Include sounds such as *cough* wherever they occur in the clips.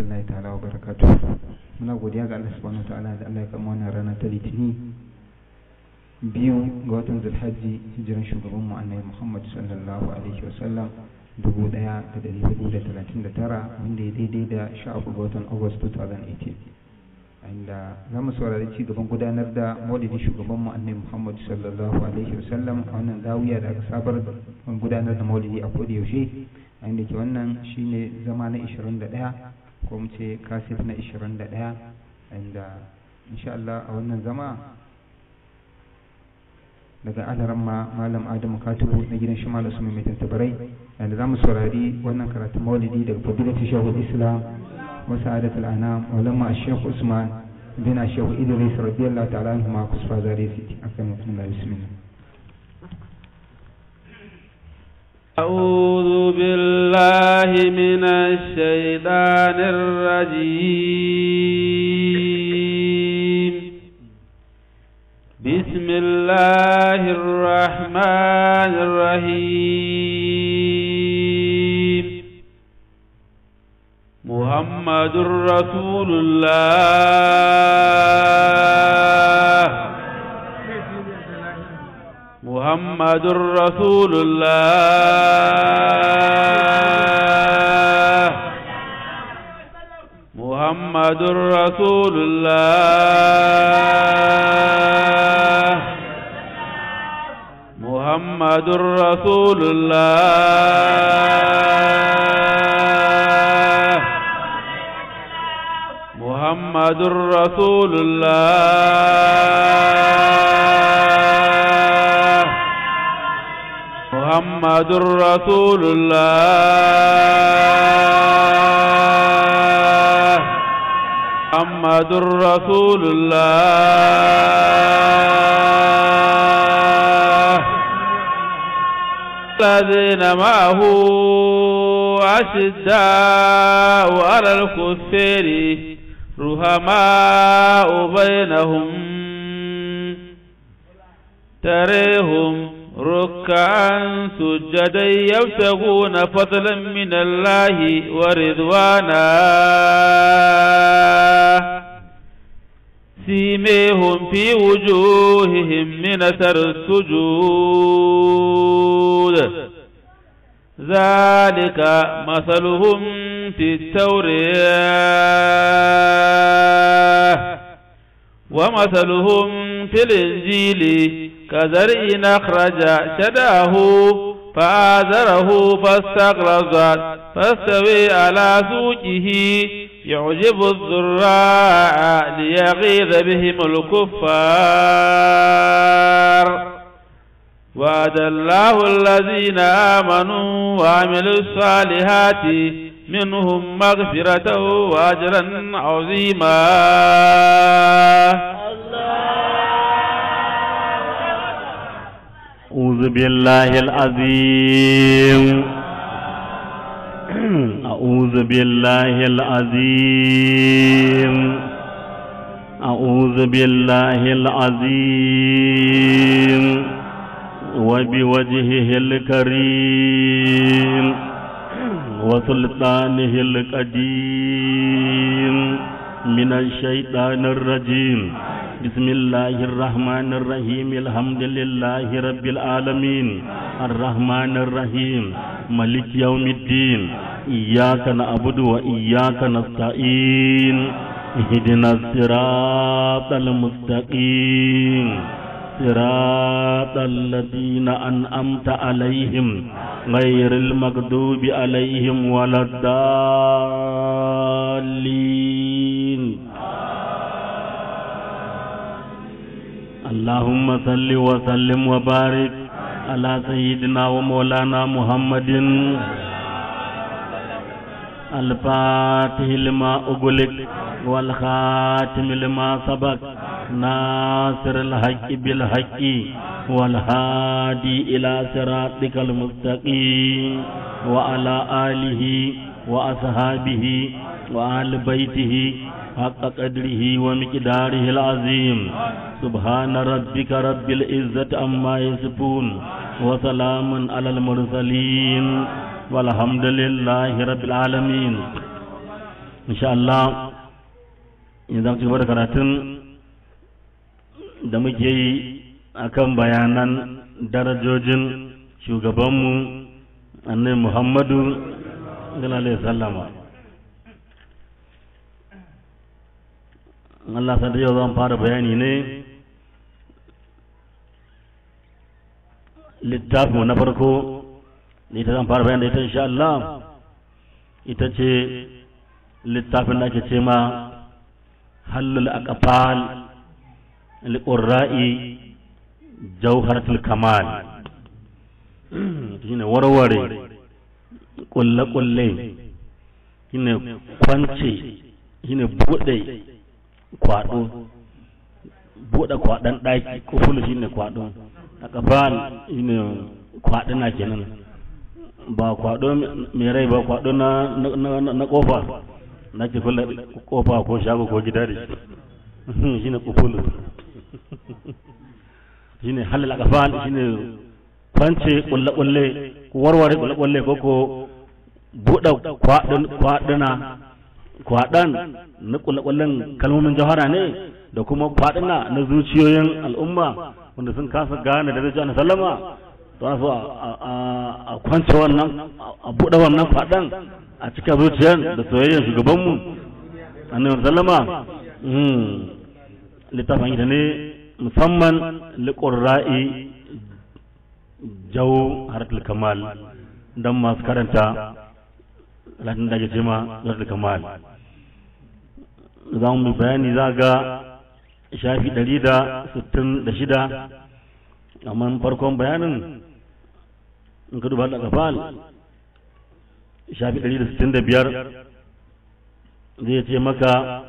rahmatullahi ta'ala wa barakatu muna godiya ga Allah subhanahu wataala da Allah ya kama wannan rana ta litini biyu ga watan zulhajji hijiran shugaban mu annabi Muhammad sallallahu alaihi wa sallam dubu daya da dari hudu da talatin da tara wanda ya daidai da sha uku ga watan August 2018 inda za mu saurari ci gaban gudanar da maulidi shugaban mu annabi Muhammad sallallahu alaihi wa sallam a wannan zawiya da aka sabar gudanar da maulidi a koda yaushe inda ke wannan shine zama na 21 ko mu ce kasif na 21 inda insha Allah a wannan zama daga alaran ma malam adamu katibu na gidan shi malam su mai tattabarai da za mu saurari wannan karatun maulidi daga fadilatu shehu islam wa sa'adatul anam wa lamma shaykh usman bin shaykh idris radiyallahu ta'ala anhu ma kusfa zare fi akan mutum la bismillah أعوذ بالله من الشيطان الرجيم بسم الله الرحمن الرحيم محمد رسول الله محمد رسول الله محمد رسول الله محمد رسول الله محمد رسول الله محمد رسول الله محمد رسول الله الذين معه أشداء على الكفر رهماء بينهم تريهم ركعا سجدا يبتغون فضلا من الله ورضوانا سيميهم في وجوههم من أثر السجود ذلك مثلهم في التوريه ومثلهم في الإنجيل كزرع أخرج شداه فآزره فاستغرز فاستوي على سوقه يعجب الزراع ليغيظ بهم الكفار وعد الله الذين آمنوا وعملوا الصالحات منهم مغفرة وأجرا عظيما الله أعوذ بالله العظيم أعوذ بالله العظيم أعوذ بالله العظيم وبوجهه الكريم وسلطانه القديم من الشيطان الرجيم بسم الله الرحمن الرحيم الحمد لله رب العالمين الرحمن الرحيم ملك يوم الدين إياك نعبد وإياك نستعين اهدنا الصراط المستقيم صراط الذين أنعمت عليهم غير المغضوب عليهم ولا الضالين اللهم صل وسلم وبارك على سيدنا ومولانا محمد الفاتح لما أغلق والخاتم لما سبق ناصر الحق بالحق والهادي إلى صراطك المستقيم وعلى آله وأصحابه وآل بيته حق قدره ومقداره العظيم سبحان ربك رب العزة عما يصفون وسلام على المرسلين والحمد لله رب العالمين إن شاء الله إذا كنت karatun da muke yi akan bayanan darajojin shugabanmu annai muhammadu sallallahu sallama Allah sanda yau zan fara bayani ne littafin na farko da ita zan fara bayani da ita insha Allah ita ce littafin da ake ce ma hallul aqfal liƙurra'i jauharatul kamal shine warware ƙulle-ƙulle shine kwance shine buɗe kwaɗo buɗe kwaɗon ɗaki kufulu shine kwaɗo a ƙafan shine kwaɗina kenan ba kwaɗo mai rai ba kwaɗo na ƙofa na ke kula ƙofa ko shago ko gida da shi shine kufulu *laughs* shine halal agafan shine kwance kulle kulle ku warware kulle kulle ko ko buɗe kwaɗin kwaɗan na kulle kullen kalmomin jawara ne da kuma kwaɗana na zuciyoyin al'umma wanda sun kasa gane da zai na sallama to ana a kwance wannan a buɗe wannan kwaɗan a cika zuciyar da soyayyar shugabanmu annabi sallama hmm. littafin ita ne musamman liƙurra'i jau haratul kamal don masu karanta latin da ake ce ma haratul kamal za mu bayani za ga shafi ɗari da sittin da shida amma farkon bayanin in ka duba da kafal shafi ɗari da sittin da biyar zai ce maka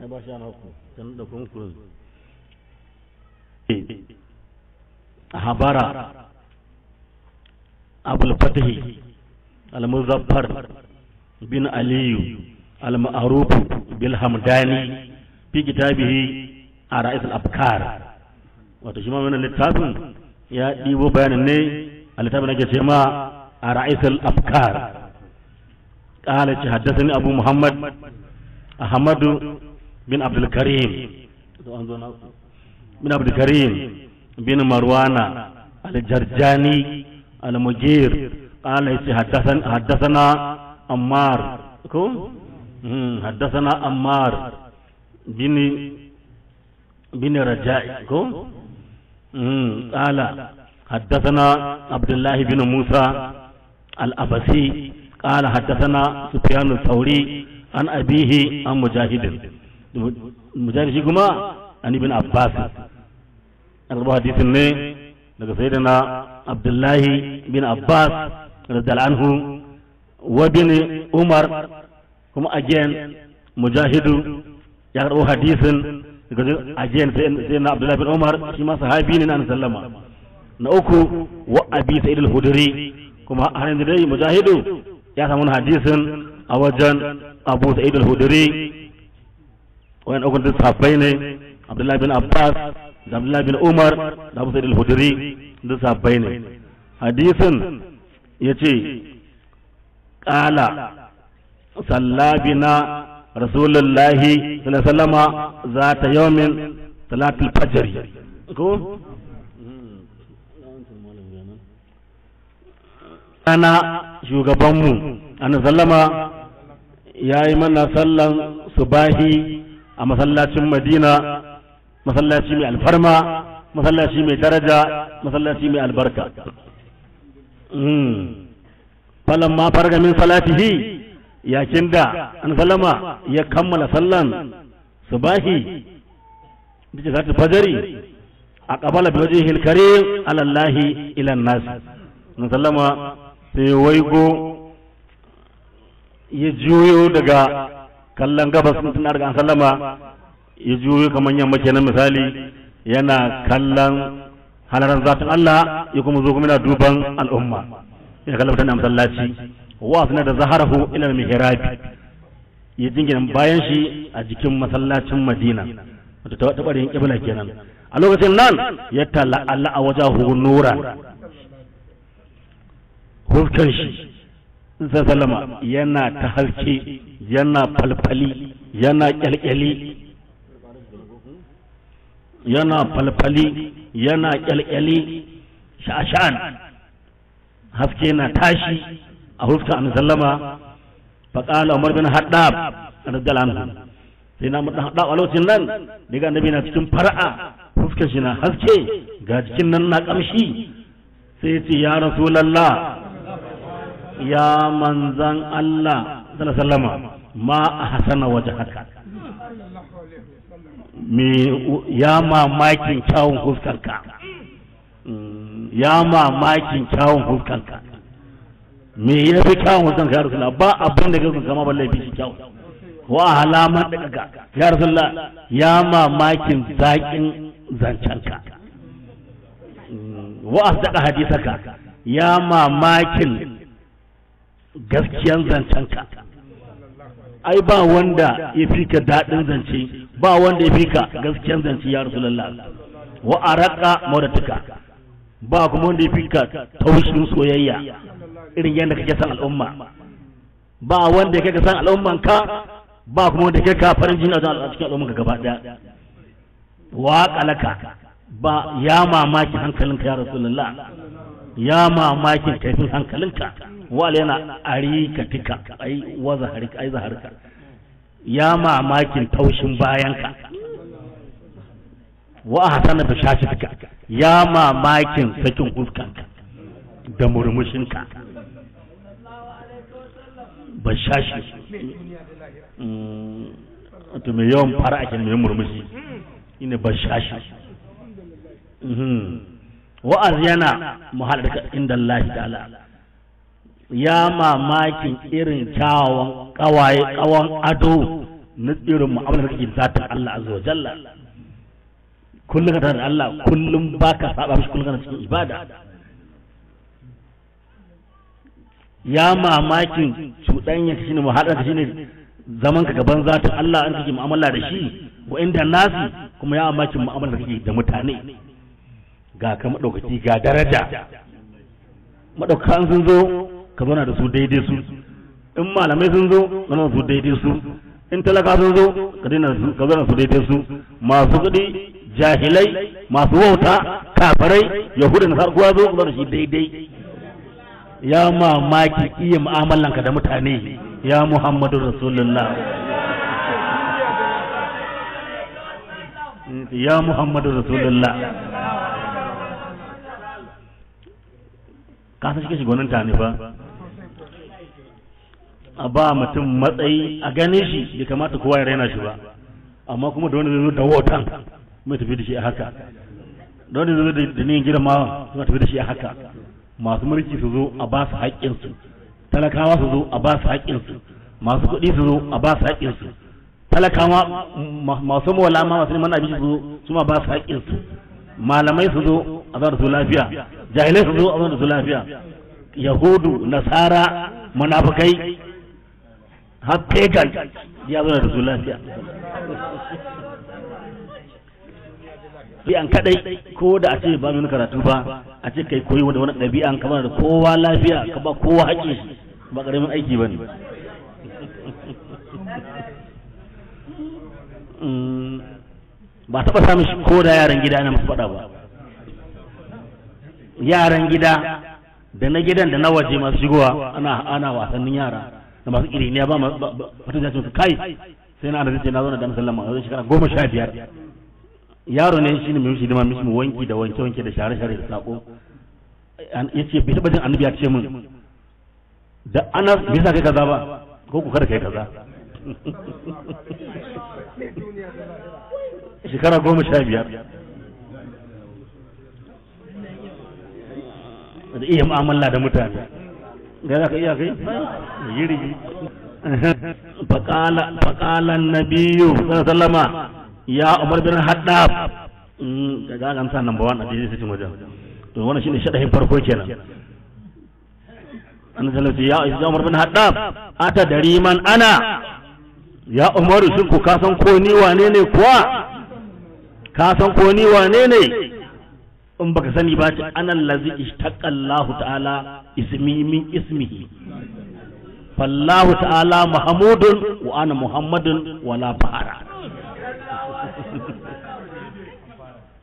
ai ba shi ana ku tun da a habara abul fatahi al-muzaffar bin aliyu al-ma'ruf bil hamdani fi kitabihi a ra'is al-afkar wato shi ma wannan littafin ya dibo bayanin ne a littafin ake cewa ma a ra'is al-afkar قال حدثني أبو محمد أحمد bin abdulkarim bin Karim, bin marwana Jarjani, aljarjani almujir qala isi haddathana ammar ko hmm, haddathana ammar bin bin Raja ko hmm, qala haddathana abdullahi bin musa al-abasi قال حدثنا سفيان الثوري an أبيه عن مجاهد mujahid shi kuma an ibn abbas an rubu hadisin ne daga sayyidina abdullahi bin abbas radiyallahu anhu wa bin umar kuma again mujahidu ya karbo hadisin daga again sayyidina abdullahi bin umar shi ma sahabi ne na sallama na uku wa abi sa'id al-hudri kuma har yanzu dai mujahidu ya samu hadisin a wajen abu sa'id al-hudri wayan ɗaukun da sahabbai ne abdullahi bin abbas da abdullahi bin umar da abu sa'id al-hudri da sahabbai ne hadisin ya ce ƙala sallabina rasulullahi sallallahu sallama za ta min salatul fajari ko ana shugabanmu annabi sallama yi mana sallan subahi a masallacin madina masallaci mai alfarma masallaci mai daraja masallaci mai albarka hmm. ma fargamin min salatihi yakin da an salama ya kammala sallan su subahi bisa zata fajari a kabala bi wajen hilkare alallahi ilan nasi an salama sai waigo ya juyo daga kallon gabas sun tun an sallama ya juyo kamar yamma kenan misali yana kallon halaran zatin Allah ya kuma zo kuma yana duban al'umma ya kallon mutane a masallaci wa suna da zaharahu mai mihrabi ya jingina bayan shi a jikin masallacin Madina wato ta tabarin kibla kenan a lokacin nan ya tala Allah a wajahu nura huskan shi zazzalama yana ta haske yana falfali yana kyalkyali yana falfali yana kyalkyali sha'ashan haske na tashi a hufta an sallama faƙala umar bin haddab radiyallahu anhu sai na mutan haɗa a lokacin nan daga annabi na cikin fara'a fuskar shi na haske ga cikin nan na ƙamshi sai ya ce ya rasulallah ya manzan Allah sallama ma a hasana waje haka ya mamakin kyawun huskarka ya mamakin kyawun huskarka me ya fi kyawun huskarka ya rasulullah ba abin da gagun kama balle fi shi kyawun wa halama da kaga ya rasulullah ya mamakin zaƙin zancanka, mm, wa asdaqa hadisaka ya mamakin gaskiyan zancenka ai ba wanda ya fi ka daɗin zance ba wanda ya fi ka gaskiyan zance ya rasulullah wa araka maudatuka ba kuma wanda ya fi ka taushin soyayya irin yadda kake san al'umma ba wanda kake san al'umman ka ba kuma wanda kake ka farin jini a cikin al'umman ka gaba daya wa kalaka ba ya mamaki hankalinka ya rasulullah ya mamaki kaifin hankalinka wal yana arikatika ai wa zaharika ai zaharka ya mamakin taushin bayanka wa hasana shashi tika ya mamakin sakin huskanka da murmushinka bashashi mm. to mai yawan fara ake mai murmushi ina bashashi mm-hmm. wa'az yana muhallaka inda Allah ta'ala ya mamakin irin kyawawan kawaye kawan ado na irin mu'amala da kake zatin Allah azza wa jalla kullum ka tare da Allah kullum baka saba shi, kullum kana cikin ibada ya mamakin cuɗanya shine mu shi shine zaman ka gaban zatin Allah an kake mu'amala da shi wa inda nasi kuma ya mamakin mu'amala da kake da mutane ga ka maɗaukaci ga daraja madaukakan sun zo ka zauna da su daidai su in malamai sun zo ka zauna su daidai su in talaka sun zo ka zauna su daidai su masu kuɗi jahilai masu wauta kafirai yahudu na sarkuwa zo ka zauna shi daidai ya mamaki iya mu'amalanka da mutane ya muhammadu rasulullah ya muhammadu rasulullah ka san shi ke shigonin fa a ba mutum matsayi a ganin shi Ya kamata kowa ya raina shi ba amma kuma da wani zai zo da wotan mai tafi da shi a haka da wani zai zo da niyan girma suna tafi da shi a haka masu mulki su zo a ba su haƙƙinsu talakawa su zo a ba su haƙƙinsu masu kuɗi su zo a ba su haƙƙinsu talakawa masu mawala ma masu neman abinci su zo su ma ba su haƙƙinsu malamai su zo a zauna su lafiya jahilai su zo a zauna su lafiya yahudu nasara munafukai har pagan ya zo da rasulullah sai kadai ko da a ce ba nuna karatu ba a ce kai koyi da wani ɗabi'an kamar da kowa lafiya ka ba kowa haƙƙi ba ƙaramin aiki ba ne hmm, ba taɓa samun shi ko da yaran gida na masu faɗa ba yaran gida da na gidan da na waje masu shigowa ana wasannin yara da masu iriniya ba ma ya ce musu kai sai na arziki na zauna da musallama a zai shekara goma sha biyar yaro ne shi ne mai mishi liman mishi wanki da wanke wanke da share share da sako ya ce bai taɓa jin annabi ya ce min da ana bai sa kai kaza ba ko ku kada kai kaza *laughs* shekara goma sha biyar da iya mu'amala da mutane ga za ka iya nabiyu sallama ya umar bin haddab hmm, ga gagan sa number one a daidai sitin wajen to wannan shine shadahin farko kenan an salafi ya umar bin haddab ata dari man ana ya umar shin kasan ko ni wane kuwa kasan ko ni wane in baka sani ba ta anan lazi ishtaqallahu ta'ala ismi min ismihi fallahu ta'ala muhammadun wa ana muhammadun wala fahara *laughs*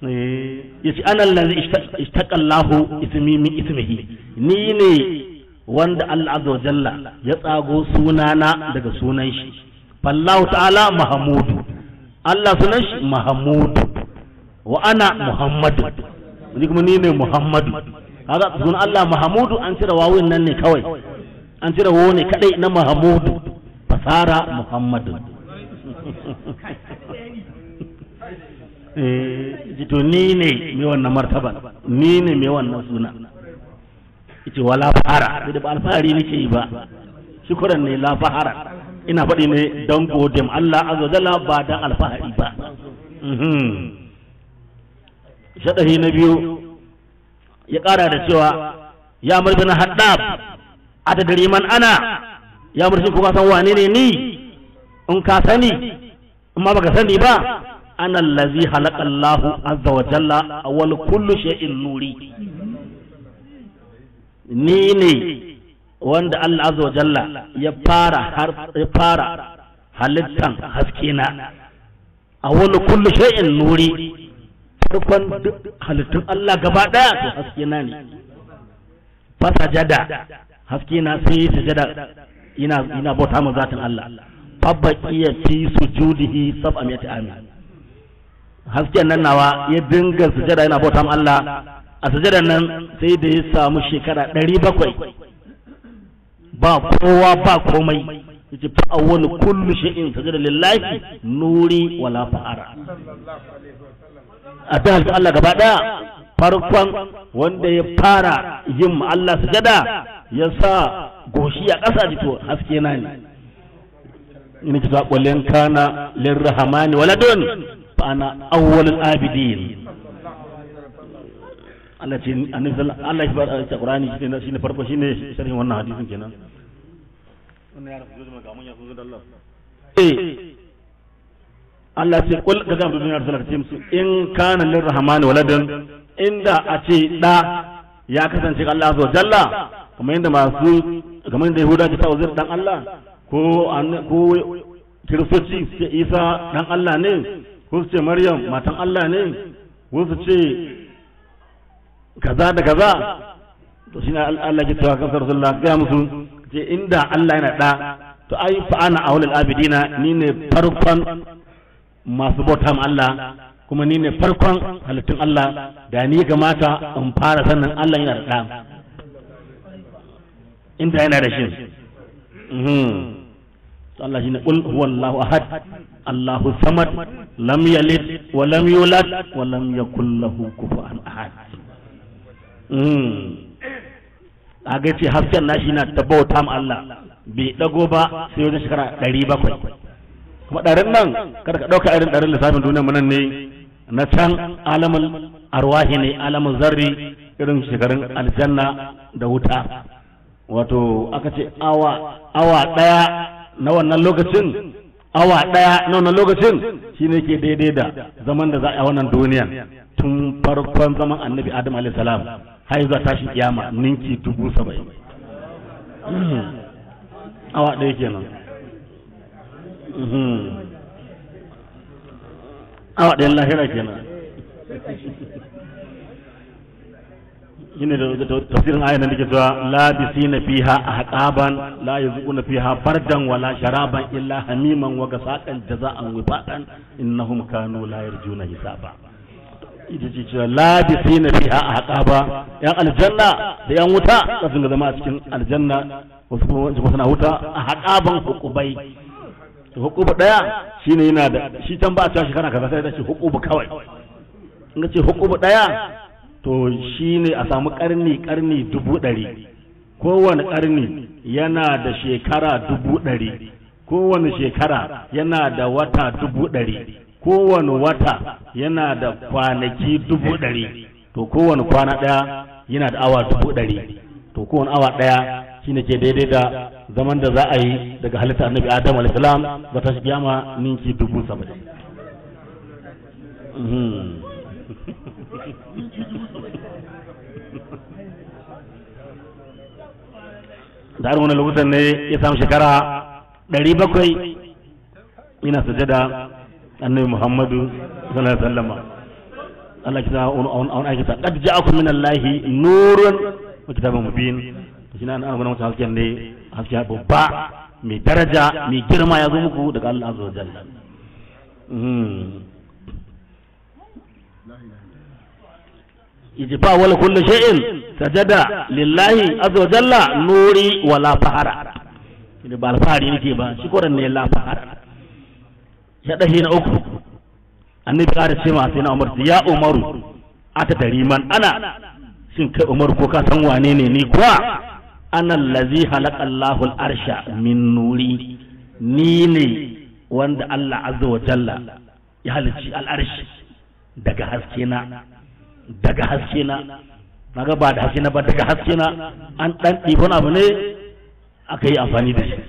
eh, yace ana allazi istaqallahu ismi min ismihi ni ne wanda Allah azza wa jalla ya tsago sunana daga sunan shi fallahu ta'ala mahmudu Allah sunan shi mahmudu wa ana muhammadu ni kuma ni ne muhammadu kaga sun Allah Mahamudu an cire wawun nan ne kawai an cire wawo ne kadai na Mahamudu fasara Muhammadu jito *laughs* eh, ni ne mai wannan martaba ni ne mai wannan suna ita wala fara da ba alfahari nake yi ba shukuran ne la fahara ina faɗi ne don godin Allah azza jalla ba dan alfahari ba mhm. shadahi na biyu ya ƙara da cewa ya murbi na haddab a da man ana ya murbi kuma san wane ne ni in ka sani in ma baka sani ba ana allazi halaka lahu azza wa jalla a wani kullu sha'in nuri ni ne wanda Allah azza wa jalla ya fara har ya fara halittan haske na wani kullu sha'in nuri farkon halittun Allah gaba ɗaya to haske na ne sa sajada haske na sai sajada ina ina bauta mu zatin Allah fa baqiya fi sujudihi sab'amiyati amin hasken nan nawa ya dinga sujada yana bauta mu Allah a sujada nan sai da ya samu shekara ɗari bakwai ba kowa ba komai yace fa awwalu kullu shay'in sajada lillahi nuri wala fa'ara a jihar Allah gaba ɗaya farkon wanda ya fara yin Allah su gada ya sa goshi a ƙasa jito haske na ne ina ci zaƙwalin kana lirrahamani waladun ba ana awwalin abidin Allah ce annabi sallallahu Allah ya fara ta Qur'ani shine shine farko shine sharhin wannan hadisin kenan wannan ya rubuta ga mun ya zo da Allah eh Allah ce kul ga gamsu duniya da zalaka musu in kana lir rahmani waladan inda a ce da ya kasance Allah zo jalla kamar yadda masu kamar yadda yahuda ta tawo dan Allah ko ko kiristoci ce Isa dan Allah ne ko su ce Maryam matan Allah ne ko su ce kaza da kaza to shine Allah ke tawa kan rasulullah ga musu ce inda Allah yana da to ai fa ana aulul abidina ni ne farkon masu bauta ma Allah kuma ni ne farkon halittun Allah da ni ga mata in fara sannan Allah yana da inda yana da shi mhm. Allah shi ne ƙul huwallahu ahad Allahu samad lam yalid wa lam yulad wa lam yakul lahu kufuwan ahad mhm. a ga ce hasken shi na ta ma Allah bai dago ba sai wajen shekara ɗari bakwai kuma ɗarin nan kada ka ɗauka irin ɗarin lissafin duniyar nan ne na can alamin arwahi ne alamin zarri irin shekarun aljanna da wuta wato aka ce awa awa ɗaya na wannan lokacin awa ɗaya na wannan lokacin shine ke daidai da zaman da za a wannan duniyar tun farkon zaman annabi adam alaihi salam har zuwa tashi kiyama ninki dubu saba'in hmm. awa ɗaya kenan Mm-hmm. awa ɗayan lahira kenan shine da tafsirin ayan da nake cewa labisina fiha haƙaban la na fiha bardan wala sharaban illa hamiman wa gasaqan jaza'an wifaqan innahum kanu la yarjuna hisaba ita ce cewa labisina fiha haƙaba yan aljanna da yan wuta za su zama a cikin aljanna wasu kuma suna wuta ahqaban hukubai to hukuba daya shine yana da shi can ba a cewa shekara kaza sai da ce hukuba kawai in ka ce hukuba daya to shine a samu karni karni dubu ɗari kowane karni yana da shekara dubu ɗari kowane shekara yana da wata dubu ɗari kowane wata yana da kwanaki dubu ɗari to kowane kwana ɗaya yana da awa dubu ɗari to kowane awa ɗaya shine ke daidai da zaman da za a yi daga halitta annabi adam alaihissalam ba ta ma ninki dubu saba'in da har wani lokutan ne ya samu shekara ɗari bakwai ina sujada annabi muhammadu sallallahu alaihi wasallam Allah kisa on on aikata qad ja'akum min allahi nurun wa kitabun mubin shine an amana masa hasken ne haske babba mai daraja mai girma ya zo muku daga Allah azza wajal hmm. ijifa wala kullu shay'in sajada lillahi azza wajalla nuri wala fahara idan ba alfahari nake ba shi koran ne la fahara ya dahi na uku annabi kada ce ma sai na umar ya umaru aka man ana shin kai umar ko ka san wane ne ni kuwa ana allazi halaka Allahul arsha min nuri ni ne wanda Allah azza wa jalla ya halicci al'arshi daga haske na daga haske na naga ba da haske na ba daga haske na an dan ɗifon abu ne aka yi amfani da shi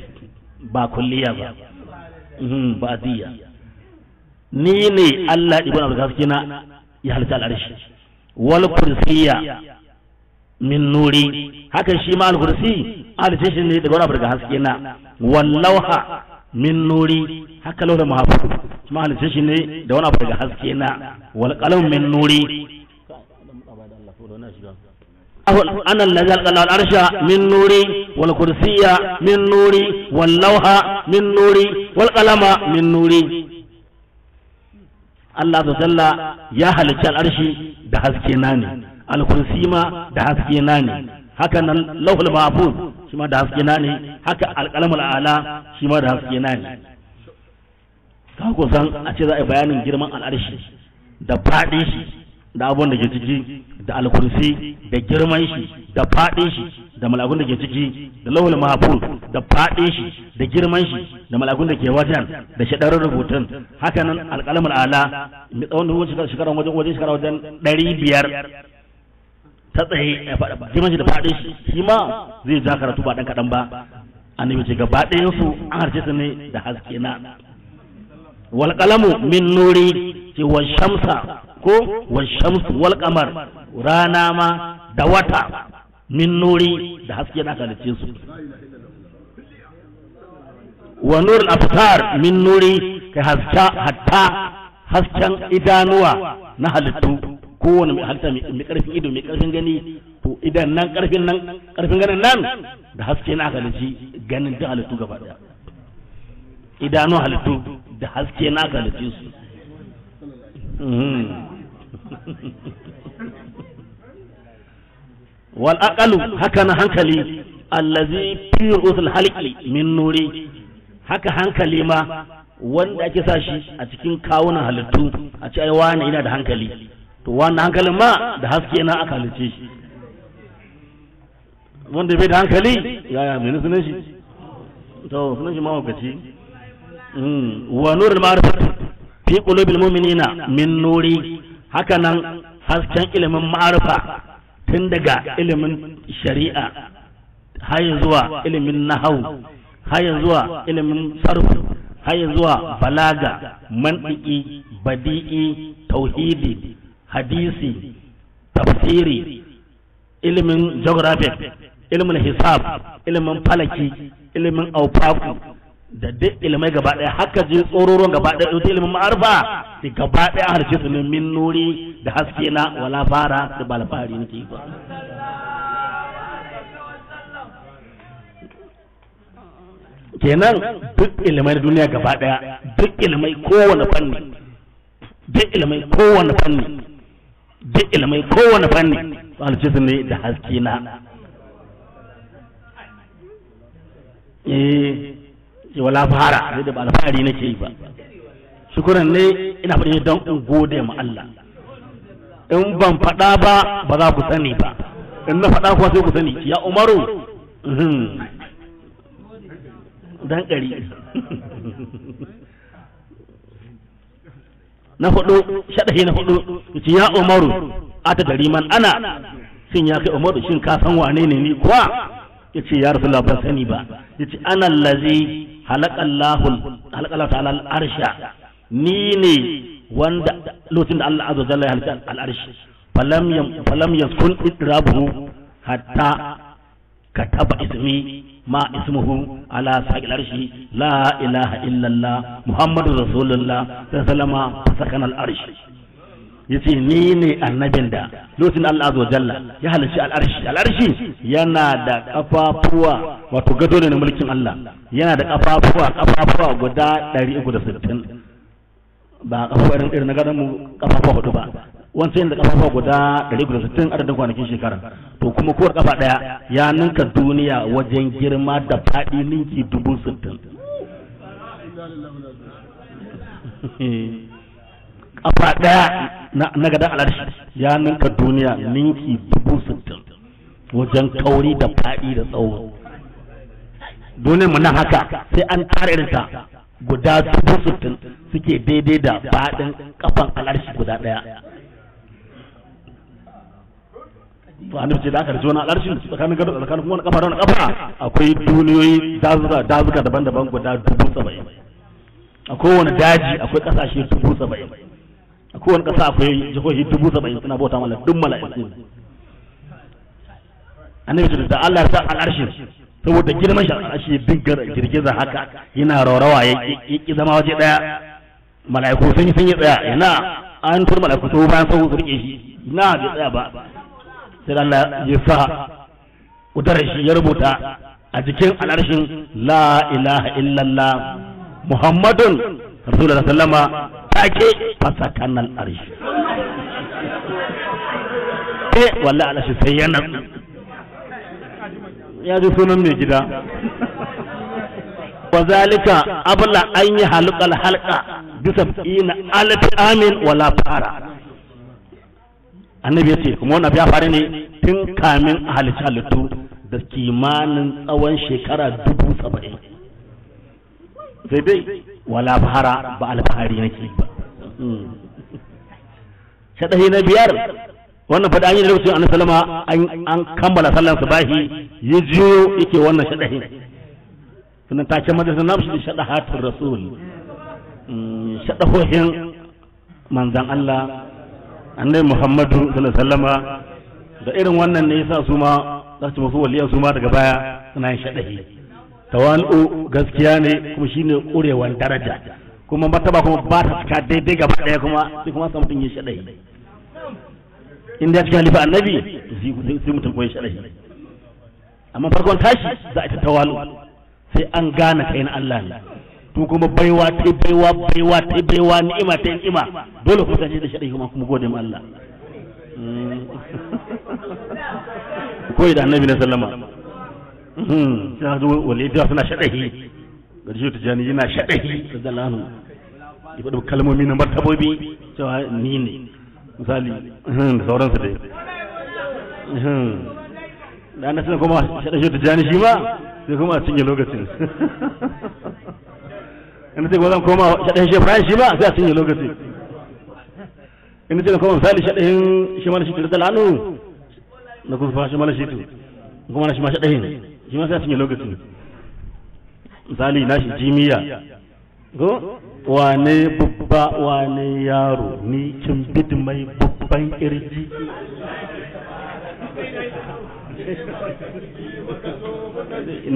ba kulliya ba mhm, ba adiya ni ne Allah ɗifon abu daga haske na ya halicci al'arshi wal kursiya min nuri hakan shi ma al-kursi alice shi ne daga wani abu daga haske na wallauha min nuri haka mahfuz shi ma alice shi ne da wani abu daga haske na wal qalam min nuri أنا الذي ألقى العرش من نوري والكرسي من نوري واللوحة من نوري والقلم من نوري الله تسلى يا هل العرش ده هزكيناني alkursi ma da haske na ne haka nan lauhul mahfuz shi ma da haske na ne haka alqalamul ala shi ma da haske na ne ka ku san a ce za a yi bayanin girman al'arshi da fadin shi da abun da ke ciki da alkursi da girman shi da fadin shi da malakun da ke ciki da lauhul mahfuz da fadin shi da girman shi da malakun da ke wajen da shaɗarar rubutun haka nan alqalamul ala mai tsawon da shekara wajen wajen shekara wajen biyar. ta tsaye ya faɗa ba jimanci da faɗin shi shi ma zai ja karatu ba ɗan kaɗan ba annabi ce gaba ɗayan su an harce su ne da haske na wal qalamu min nuri ce wal shamsa ko wal shamsu wal qamar rana ma da wata min nuri da haske na halice su wa nurul aftar min nuri kai hatta hasken idanuwa na halittu kowane mai halitta mai karfin ido mai karfin gani to idan nan karfin nan karfin ganin nan da haske na aka halici ganin duk halittu gaba daya idanun halittu da haske na aka halici su hmm. wal aqalu haka na hankali allazi fi rusul halqi min nuri haka hankali ma wanda ake sa shi a cikin kawunan halittu a ce ai wani ina da hankali to wannan hankalin ma da haske na aka halice shi wanda bai da hankali yaya mai sunan shi to sunan shi mahaukaci hmm. wa nurul ma'rifat fi qulubil mu'minina min nuri hakanan hasken ilimin ma'arifa tun daga ilimin shari'a har zuwa ilimin nahau har zuwa ilimin sarfu har zuwa balaga mantiki badi'i tauhidi hadisi tafsiri ilimin geographic ilimin hisab ilimin falaki ilimin aufaku da duk ilimai gaba ɗaya haka ji tsororon gaba ɗaya ɗauki ilimin ma'arfa da gaba ɗaya harshe su min nuri da haske na wala fara da balfari nake ba kenan duk ilimai duniya gaba ɗaya duk ilimai kowane fanni duk ilimai kowane fanni duk ilmai kowane fanni ba su ne da haske na eh wala fara da ba alfahari nake yi ba shukuran ne ina fadi don in gode ma Allah in ban faɗa ba ba za ku sani ba in na faɗa kuwa sai ku sani ya umaru mhm. dan kari *laughs* na hudu shaɗahi na hudu ce ya umaru a ta dari man ana sun ya kai umaru shin ka san wane ne ni kuwa ya ce ya rasulullah labar sani ba ya ce ana allazi halaqallahu halaqallahu ta'ala al-arsha ni ne wanda lokacin da Allah azza wa jalla ya halitta al falam yam falam yaskun idrabuhu hatta Ka اسمي ما ma على ala العرش لا إله إلا الله محمد رسول الله سلم سكن العرش yace ni ne annabin da lokacin Allah azza jalla ya halarci al'arshi al'arshi yana da kafafuwa wato gado ne na mulkin Allah yana da kafafuwa kafafuwa guda 360 ba kafafuwa irin na gadon mu kafafuwa hudu ba wancan da kafafa guda 160 adadin kwanakin shekaran to kuma kowar kafa daya ya ninka duniya wajen girma da faɗi ninki dubu sittin kafa daya na gada alarshi ya ninka duniya ninki dubu sittin wajen kauri da faɗi da tsawo duniyar mu na haka sai an tara guda dubu sittin suke daidai da faɗin kafan alarshi guda daya to annabi ce da aka rajo da alarshin tsakanin gado tsakanin kuma kafa da kafa akwai duniyoyi dazuka dazuka daban-daban guda dubu saba'in a kowane daji akwai kasashe dubu saba'in a kowane kasa akwai jihohi dubu saba'in suna bauta mala duk mala'iku annabi ce da Allah ya sa alarshi saboda girman shi alarshin dinga girgiza haka yana raurawa ya ki zama waje daya mala'iku sun yi sun yi tsaya yana an tur mala'iku sau bayan sau su rike shi na bai tsaya ba sai Allah ya sa kudarar shi ya rubuta a jikin alarshin la ilaha illallah muhammadun rasulullah sallama take fasakan al'arshi eh wallahi alashi sai yana ya ji sunan mai gida wazalika abla an yi halqal halqa bisa ina alif amin wala fara annabi ya ce kuma wani abu ya faru ne tun kamin a halicci halittu da kimanin tsawon shekara dubu saba'in sai dai wala fara ba alfahari nake ba hmm. shaɗahi na biyar wannan faɗa an yi lokacin annabi salama an kammala sallan bahi ya jiyo yake wannan shaɗahi sannan take madrasa na shi shaɗahatul rasul hmm, shaɗahohin manzan Allah annai muhammadu sallallahu sallama da irin wannan ne yasa su ma za su wasu waliyan su ma daga baya suna yin shaɗahi tawanu gaskiya ne kuma shine ƙurewan daraja kuma martaba kuma ba ta cika daidai gaba ɗaya kuma sai kuma sa mutum yin shaɗahi in ya cika halifa annabi sai mutum kuma yin shaɗahi amma farkon tashi za a ta tawalu sai an gane kai na Allah ne tu kuma baiwa ta baiwa baiwa ta baiwa ni'ima ta ni'ima dole kuma kaje da shi kuma kuma gode ma Allah hmm. koyi da annabi na sallama hmm. sai zo wale da suna shadahi garshe tijani yana shadahi radiyallahu ya faɗi kalmomi na martabobi cewa ni ne misali hmm, da sauransu dai da an da suna kuma ta jani shi ma sai kuma a cinye lokacin *laughs* in ce zan koma shaɗin shi fara shi ba sai a cinye lokaci in ce koma misali shaɗin shi mana shi tu da lanu na kuma shi mana shi tu kuma shi ma shaɗin shi ma sai a cinye lokaci misali na shi jimiya go wane babba wane yaro ni kin bid mai babban irji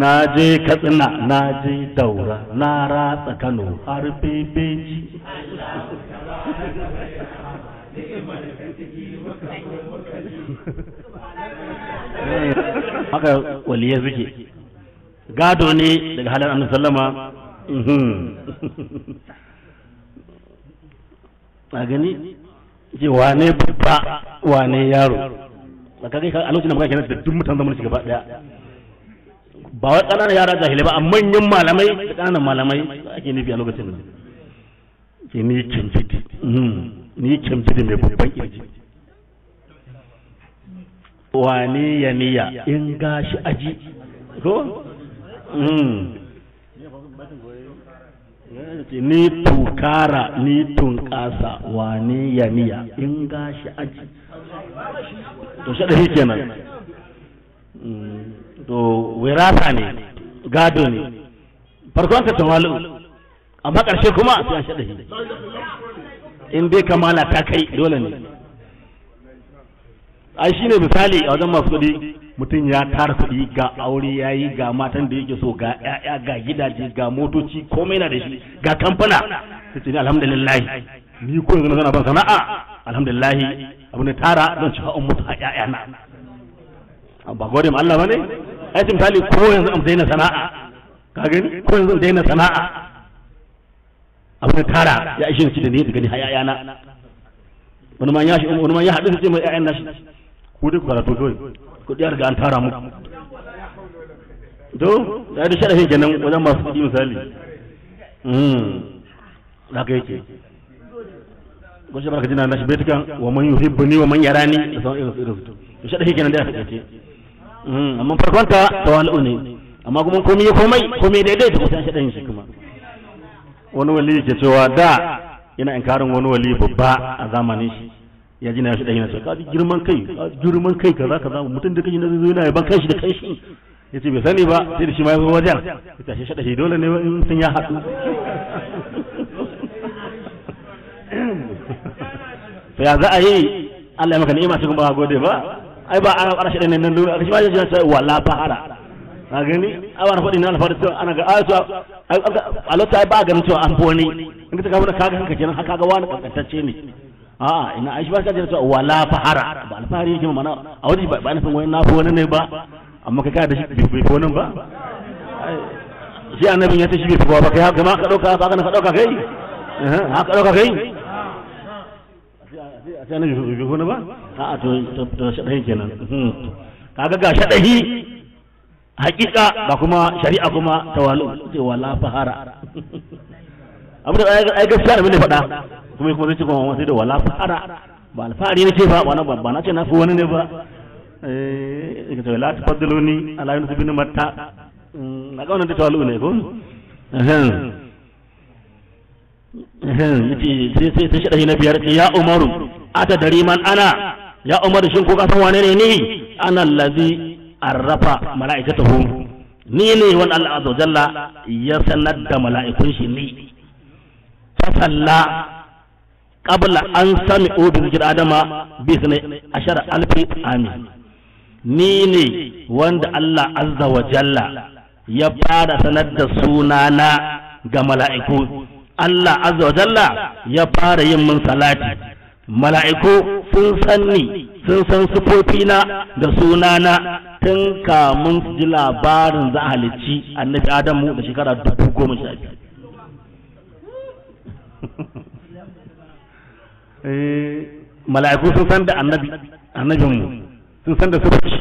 na je katsina na je daura na ratsa kano har bebeji *laughs* haka waliye suke gado ne daga halar annabi sallama mhm. *laughs* a gani ce wane babba wane yaro a kaga a lokacin da muka kenan da duk mutan zaman shi gaba daya ba wai ƙananan yara jahilai ba a manyan malamai da ƙananan malamai ake nufi a lokacin nan ke ni kyanjidi mm. ni kyanjidi mai babban kirji wane ya niya in gashi aji ko mm. ni tunkara ni tunkasa wane ya niya in gashi aji to shi da shi kenan mm. to wirasa ne gado ne farkon ta tawalu amma ƙarshe kuma sai a shaɗa in dai kamala ta kai dole ne ai shine misali a wajen masu kuɗi mutum ya tara kuɗi ga aure ya yi ga matan da yake so ga ƴaƴa ga gidaje ga motoci komai na da shi ga kamfana sai ce ni alhamdulillah ni ko yanzu na ban sana'a alhamdulillah abu ne tara zan ci ha'un mutu a na ba gode ma Allah ne. a ce misali ko yanzu in daina sana'a ka gani ko yanzu in daina sana'a abin kara ya ishe ci da ne ta gani hayayana wani ma ya shi wani ma ya haɗu su ce mai ƴaƴan nashi ku dai ku karatu kawai ku ɗiyar ga an tara muku to ya da sharafin kenan wajen masu kuɗi misali hmm. haka yake ko shi barka jina nashi tukan wa man yuhibbuni wa man yarani da sauran irin su irin su to shaɗa shi kenan da ya take Hmm. amma farkonta tawali'u ne amma kuma komai ya komai komai daidai da kusan shaɗan shi kuma wani wali ke cewa da yana inkarin wani wali babba a zamanin shi ya ji na shi ɗan yana ka ji girman kai girman kai kaza kaza mutum da kai na zai yana yaban kanshi da kanshi ya ce bai sani ba sai da shi ma ya zo wajen ya tashi shaɗa shi dole ne in sun ya haɗu *laughs* to ya za a yi Allah ya maka ni'ima cikin ba gode ba ai ba ana arashi ɗin nan dole shi ma yana sai wala fahara a gani a wani faɗi na alfaɗi to ana ga asu a lotta ba ganin cewa an fone in ka kafa kaga kanka kenan haka ga wani kankantacce ne a'a ina ai shi ba ka jira cewa wala fahara ba alfahari yake mana a wani ba ba nufin wani na wani ne ba amma kai ka da shi bai wani ba shi annabin ya ta shi bai fone ba kai haka ma ka ɗauka haka na ka ɗauka kai haka ɗauka kai ce annabi bai gona ba to kenan hmm. kaga ga shadahi hakika ga kuma shari'a kuma ce wala fahara abu da ai gaskiya da faɗa kuma kuma zai ce kuma sai da wala fahara ba alfahari ne ce ba ba na ce na fi wani ne ba eh ga tawala tafaddaluni ala yunus bin matta hmm, na ga wannan ne ko sai sai na biyar ya umaru atadari man ana ya umar shin ko kasan wane ne ni ana allazi arrafa mala'ikatahu ni ne wan Allah azza jalla ya sanar da mala'ikun shi ni fasalla qabla an sami obin jir adama bi ashara alfi amin ni ne wanda Allah azza wa jalla ya fara sanar da sunana ga mala'iku Allah azza wa jalla ya fara yin min salati mala'iku sun sanni sun san sufofina da sunana tun kamun mun ji labarin za a halicci annabi adamu da shekara dubu goma sha biyu *laughs* eh, mala'iku sun san da annabi annabinmu sun san da sufofi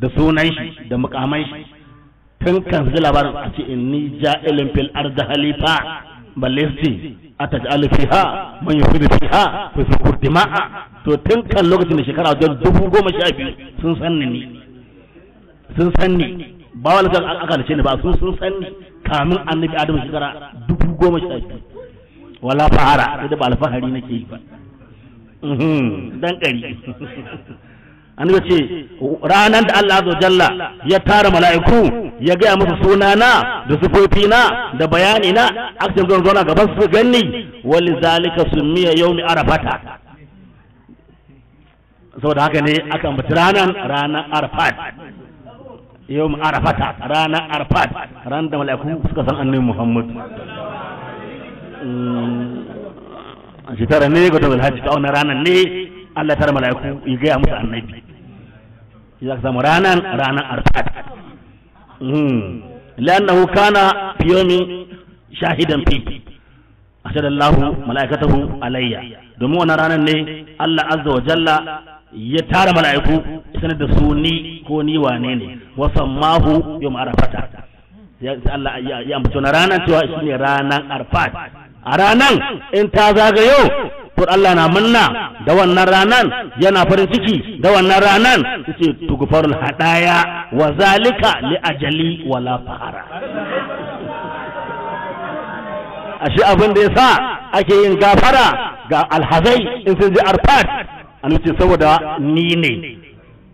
da sunan shi da mukamai shi tun kan su ji labarin a ce ni ja ilimfil arda halifa balle su ce a taj'alu fiha man yufidu fiha wa yufikur dima'a to tun kan lokacin da shekara wajen dubu goma sha biyu sun san ni sun san ni ba wani kan aka da ne ba sun sun san ni kamin annabi adamu shekara dubu goma sha biyu wala fahara sai da ba alfahari nake yi ba dan ƙari annabi ce ranar da Allah azza jalla ya tara mala'iku ya gaya musu sunana da na da bayani na aka zo na gaban su ganni wal zalika sumiya yawmi arafata saboda haka ne aka ambaci ranar ranar arafat yawm arafata ranar arafat ranar da mala'iku suka san annabi Muhammad hmm. shekara ne ga ta hajji ta wannan ranar ne Allah tara mala'iku ya gaya musu annabi za ka samu ranan ranan arfat hmm. lannahu kana fi yawmin shahidan fi allahu mala'ikatahu alayya domin wannan ranan ne Allah azza wa jalla ya tara mala'iku sanar da su ni ko ni wane ne wa sammahu yawm arafata sai Allah ya ambaci ranan cewa shine ranan arfat a ranan in ta zagayo to Allah na manna da wannan ranan yana farin ciki da wannan ranan yace tugfarul hadaya wa zalika li ajali wala fahara ashe abin da yasa ake yin gafara ga alhazai in sun je arfat an wuce saboda ni ne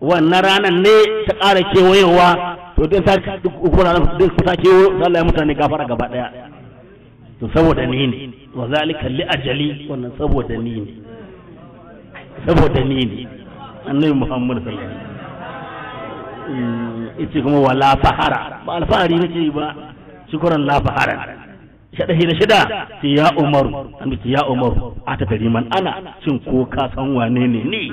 wannan ranan ne ta ƙara kewayewa to din sa kuna din sa kewo Allah ya mutane gafara gaba daya to saboda ni ne wa zalika li ajali wannan saboda ni ne saboda ni ne annabi muhammad sallallahu alaihi wasallam ita eh, kuma wa fahara ba alfahari nake ba shukran la fahara shada hira shida ti ya umaru annabi ya umaru a ta man ana shin ko ka san wane ne ni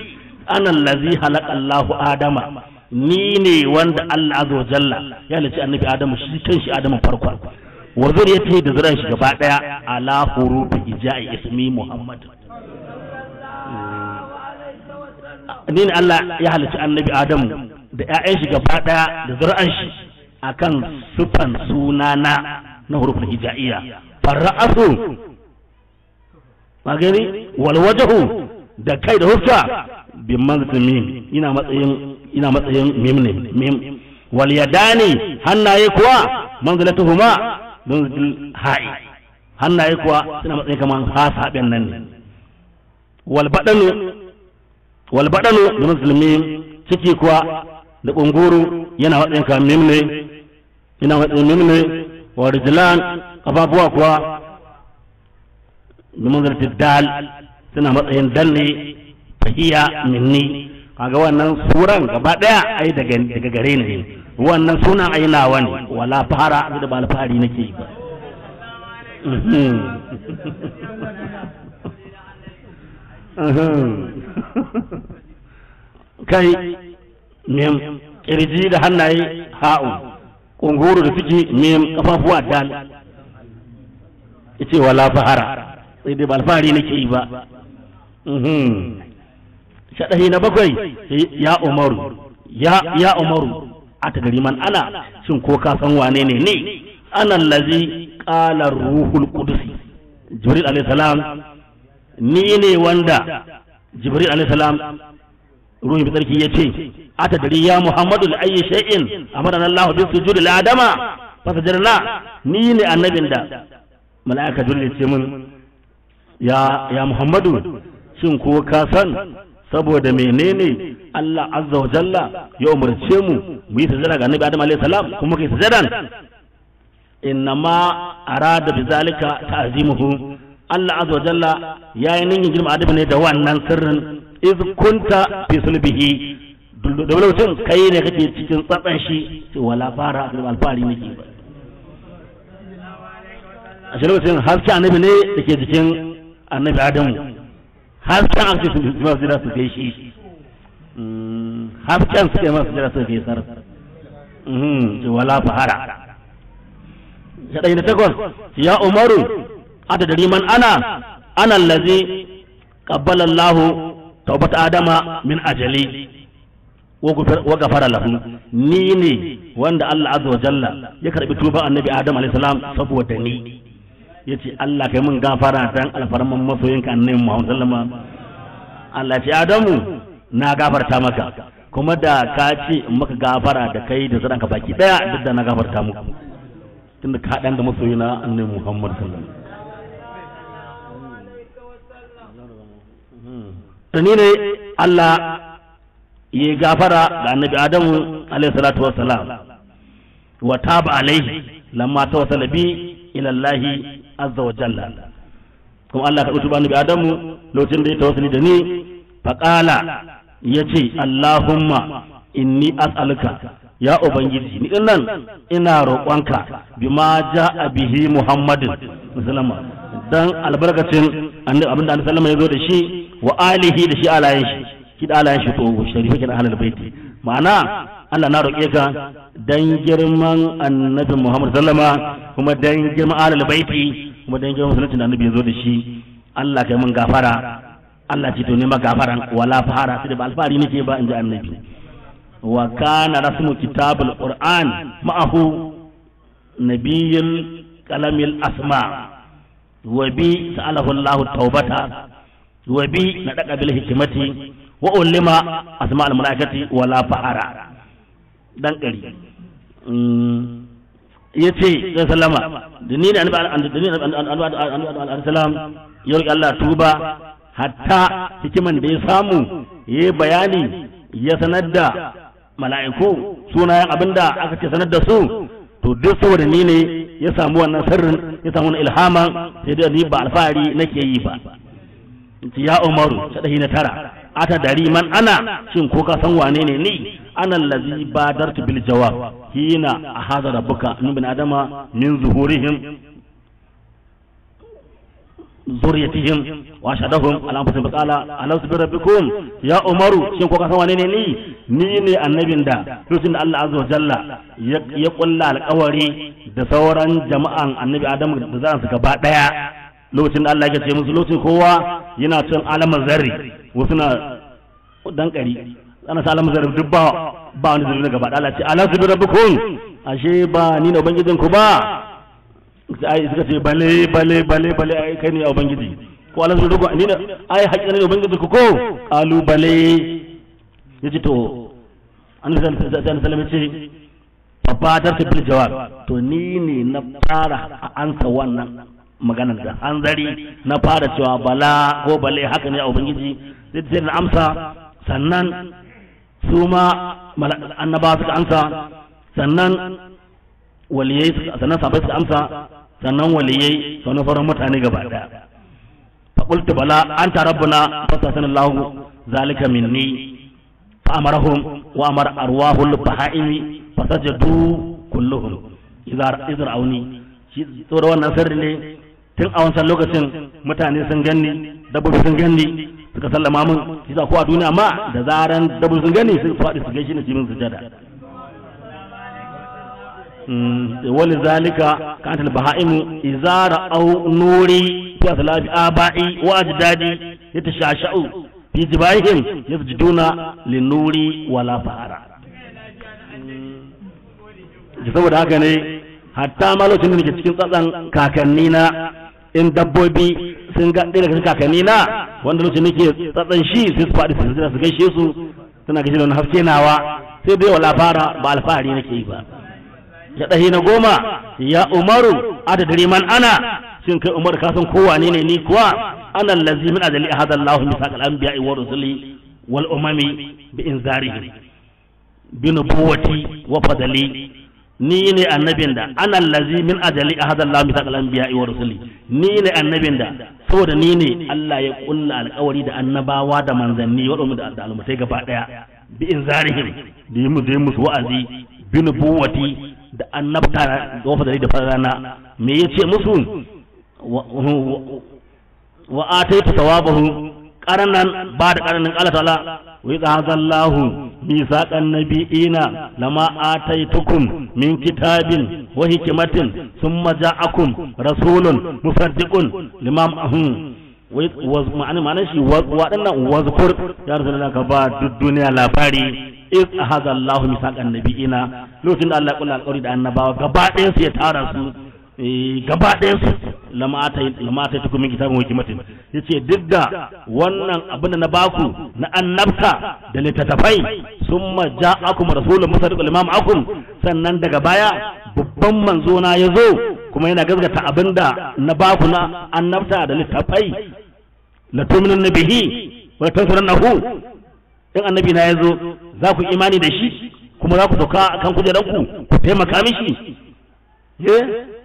ana allazi halaka allahu adama ni ne wanda allah azza wa jalla ya lati annabi adamu shi kanshi adamu farko ya ce da zuran shi gaba daya ala hurufi ijai ismi muhammad ni ne Allah ya halicci annabi adamu da ƴaƴan shi gaba daya da zuriyar shi akan sufan sunana na hurufin hijaiya asu. magani walwajahu da kai da hufta bi manzimin ina matsayin ina matsayin mim ne mim wal yadani hannaye kuwa manzilatuhuma munzil ha'i hannaye kuwa suna matsayin kamar hasaɓen nan ne walbaɗanu walbaɗanu da musulmi ciki kuwa da ƙunguru yana matsayin kamar mimne yana matsayin mimne wa rijilan ƙafafuwa kuwa da munzil dal suna matsayin dal ne fahiya minni kaga wannan suran gaba ɗaya a yi daga gare ne wannan sunan ai nawa ne wala fara abin da ba alfahari nake yi ba kai mem kirji da hannaye ha'u kunguru da suke mem kafafuwa dal ce wala fahara sai dai ba alfahari nake yi ba shadahi na bakwai ya umaru ya umaru gari man ana shin ko ka san wane ne ne ana allazi qala ruhul qudus jibril alayhi salam ni ne wanda jibril alayhi salam ruhin sarki yace ce atadari ya muhammadu li ayyi shay'in amara allah bi sujudi li adama fasajarna ni ne annabin da mala'ika jibril ya ce min ya ya muhammadu shin ko ka san saboda menene Allah azza wa jalla ya umarce mu mu yi sajada ga annabi Adam alayhi salam kuma kai inna ma arada zalika ta'zimuhu Allah azza wa jalla yayi yin girma Adam ne da wannan sirrin iz kunta fi sulbihi da lokacin kai ne kake cikin tsatsan shi wala fara alfari nake ba a shi lokacin haske annabi ne da ke jikin annabi adamu har can a cikin su masu jira su kai shi mm, har can su kai masu jira su kai sar su mm, wala fahara ya ɗaya da takwas ya umaru adadari man ana ana lazi qabbala lahu taubata adama min ajali wa gafara lahu ni ne wanda Allah azza wa jalla ya karbi tuba annabi adam alayhi salam saboda ni ya ce Allah kai mun gafara dan alfarman masoyinka annabi Muhammad sallama Allah ya ce Adamu na gafarta maka kuma da ka ce maka gafara da kai da ka baki daya duk da na gafarta muku tunda ka dan da masoyina annabi Muhammad sallama da ni ne Allah ya gafara ga annabi Adamu alaihi salatu wassalam wa taba alaihi lamma tawassala bi ila Allah azza wa jalla kuma Allah ka utuba nabi Adamu lokacin da ya tawassuli da ni fa qala yace Allahumma inni as'aluka ya ubangiji ni nan ina roƙonka bima ja'a bihi Muhammadin sallama dan albarkacin abin da annabi sallama ya zo da shi wa alihi da shi alayen shi alayen shi to sharifa kin baiti ma'ana Allah na roƙe ka dan girman annabi Muhammad sallama kuma dan girman alal baiti kuma dan girman sunnati da annabi zo da shi Allah kai mun gafara Allah ci to ne gafara wala fahara sai da ba alfahari nake ba inji annabi wa kana rasmu kitabul qur'an ma'ahu nabiyil kalamil asma wa bi ta'alahu Allah tawbata wa bi nadaka bil hikmati wa ulima asma al malaikati wala fa'ara dan kari yace ya sallama dini da annabi dini annabi sallam ya roki Allah tuba hatta hikiman da ya samu ya bayani ya sanar da mala'iku sunayen abinda aka ce sanar da su to duk saboda ni ne ya samu wannan sirrin ya samu wannan ilhaman sai dai ni ba alfahari nake yi ba ya umaru sadahi na tara ata dari man ana shin ko ka san wane ne ni ana allazi badartu bil jawab hina da rabbuka Ni bin adama min zuhurihim zuriyatihim wa shadahum ala anfusihim qala alastu bi rabbikum ya umaru shin ko ka san wane ne ni ni ne annabin da lokacin da Allah azza wa jalla ya kulla alƙawari da sauran jama'an annabi adam da za su gaba daya lokacin da Allah ya ce musu lokacin kowa yana cin alamar zarri wasu na dan kari ana sa alamar zarri duk ba ba wani zarri gaba da Allah ce ala ashe ba ni na ubangijin ku ba ai suka ce bale bale bale bale ai kai ne ubangiji ko ala subira bukum ni na ai hakika ne ubangijin ku ko alu bale yace to annabi sallallahu alaihi ya ce fafatar ta bil jawab to ni ne na fara a ansa wannan da an zari na fara cewa bala ko bale haka ne a ubangiji zai ce da amsa sannan su ma annaba suka amsa sannan waliyai sannan sabai suka amsa sannan waliyai sannan farin mutane gaba daya faƙultu bala an ta fasa sanin lahu zalika minni fa'amarahum wa amara arwahul baha'imi fasajadu kulluhum idza idza auni shi tsoro wannan sirri ne tun a wancan lokacin mutane sun gani dabbobi sun gani suka sallama mun shi ko a duniya amma da zaran dabbobi sun gani sun faɗi su gaishe ni su min sujada mm, wani zalika kan antal baha'imu izara au nuri fi aslabi aba'i wa ajdadi yatashasha'u fi jibaihim yasjuduna linuri wala fa'ara mm, saboda haka ne hatta ma lokacin da nake cikin tsatsan kakanni na in dabbobi sun ga ɗaya daga kakanni na wanda lokacin nake tsatsan shi sai su faɗi su su gaishe su suna gaishe da wani haske nawa sai bai wala labara ba alfahari nake yi ba ya ɗahi na goma ya umaru adadari man ana shin kai Umaru ka san kowa ne ne ni kuwa ana lazi min a hada Allahu misaq ka anbiya wa rusuli wal umami bi zari bi nubuwati wa fadali ni ne annabin da ana lazi min ajali ahadallahu bi kalan biya wa rusuli ni ne annabin da saboda ni ne Allah ya kulla alkawari da annabawa da manzanni waɗanda da al'ummatai gaba daya bi in inzarihim da yi musu wa'azi bi nubuwati da annabta da wafa da farana me ce musu wa ta tawabahu qaranan ba da qaranin Allah ta'ala وإذا الله ميثاق النبيين لما آتيتكم من كتاب وحكمة ثم جاءكم رسول مصدق لما معهم ma'anin ma'anin shi waɗannan wazkur ya rasu da ka ba duk duniya labari is a haza Allah misaƙan nabi'ina da Allah ya alƙawari da annabawa gaba ya tara su Eh, gaba ɗaya su lamata ta kuma kitabun hikimatin ya ce duk da wannan abin da na baku na annabta da littattafai sun maja akum rasulun musaddiqul imam akum sannan daga baya babban manzo na ya zo kuma yana gaskata abin da na baku na annabta da littattafai la na bihi na tansurunnahu in annabi na ya zo za ku imani da shi kuma za ku a kan kujeranku ku taimaka mishi eh,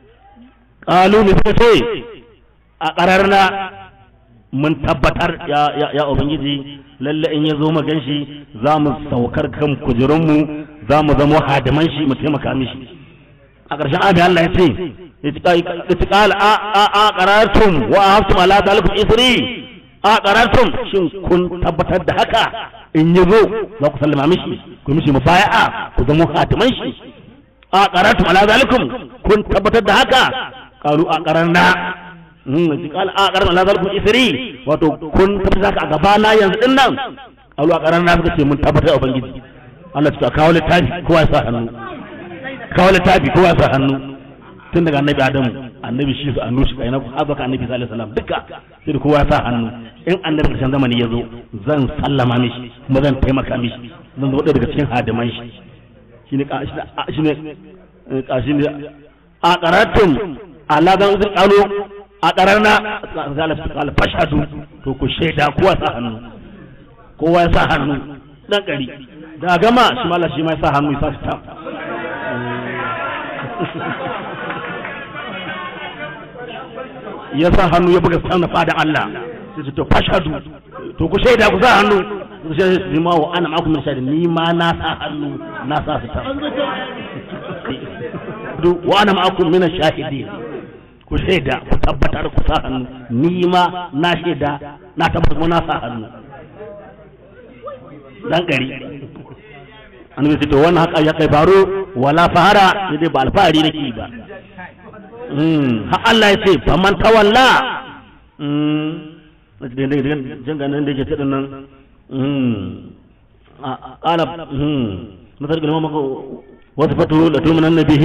ƙalu sai a ƙararna mun tabbatar ya ubangiji lalle in ya zo mu shi za mu saukar kan kujerunmu za mu zama hadiman shi mu taimaka mishi a ƙarshen abi Allah ya ce itiqal a a a qarartum wa ahaftum ala dalikum isri a qarartum shin kun tabbatar da haka in ya zo za ku sallama mishi ku mishi mubaya'a ku zama hadiman shi a qarartum ala dalikum kun tabbatar da haka karu a mun hmm, ji a aqranna la zalku isri wato kun tabbata ka a gaba na yanzu din nan qalu aqranna suka ce mun tabbatar tabbata ubangiji Allah ta kawo littafi kowa ya sa hannu kawo littafi kowa ya sa hannu tun daga annabi adamu annabi shi su annu shi kaina har annabi sallallahu alaihi wasallam duka sai kowa ya sa hannu in annabi karshen zamani ya zo zan sallama mishi kuma zan taimaka mishi zan zo daga cikin hadiman shi shine shine shine a karatun ala zan zin alo a na alfashadu to ku shaida kowa sa hannu kowa ya sa hannu ɗan ƙari da gama shi mala shi ma ya sa hannu ya sa su tam *laughs* ya sa hannu ya buga sanar fada Allah sai to fashadu to ku shaida ku sa hannu ku shaida ma wa ana ma ku shaida ni ma na sa hannu na sa su tam *laughs* wa ana ma ku min shahidi ku shaida ku tabbatar ku sa hannu ni ma na shaida na tabbatar mu na sa hannu dan gari an yi to wannan haka ya kai baro wala fahara sai dai ba alfahari nake ba ha Allah ya ce ba faman tawalla jin ganin da yake taɗin nan ƙala masar gina maka وصفته لتؤمنن به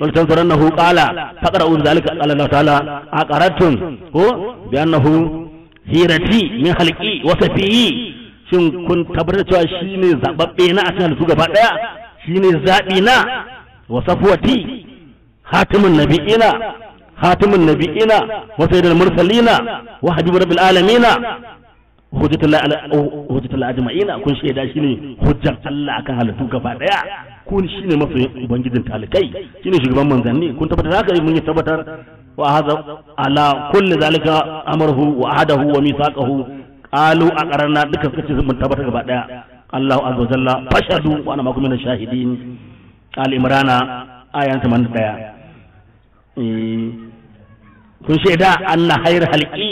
ولتنصرنه قال فقرأوا ذلك قال الله تعالى أقرأتم هو بأنه hirati min halki wasa fiyi shin kun tabbatar cewa shi ne zaɓaɓɓe na a cikin halittu gaba ɗaya shi ne zaɓi na wasafuwati hatimin nabi'ina hatimin nabi'ina wa sayyidul mursalina wa habibu rabbil alamina hujjatul ajma'ina kun shaida shi ne hujjar Allah akan halittu gaba ɗaya kun shine masoyin ubangijin talikai shine shugaban manzanni kun tabbatar haka mun yi tabbatar wa hada ala kulli zalika amruhu wa ahadahu wa mithaqahu qalu aqarna duka suka ce mun tabbatar gaba daya Allah azza wa jalla fashadu wa ana makum min shahidin al imrana ayan 81 eh kun shaida anna hayr halqi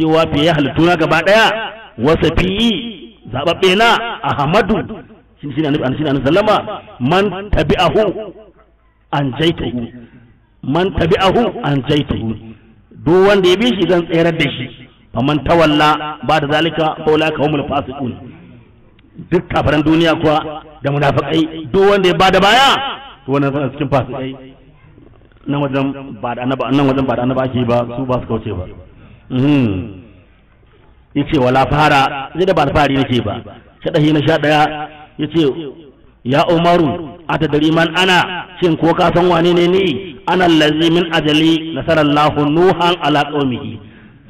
cewa fiye halittuna gaba daya wasafi zababbe na ahmadu shine annabi annabi an man ahu an duk wanda ya bi shi zan tsayar da shi faman tawalla ba da zalika faula ka humul fasiqun duk kafaran duniya kuwa da munafakai duk wanda ya bada baya wannan zan cikin fasikai nan wajen ba da annaba nan wajen ba da annaba ake ba su ba su kauce ba hmm. yace wala fara zai da ba nake ba na sha daya Ya ce ya umaru atadari man ana cin ko ka san wane ne ni ana lazimin min ajali lahun nuhan alaƙomihi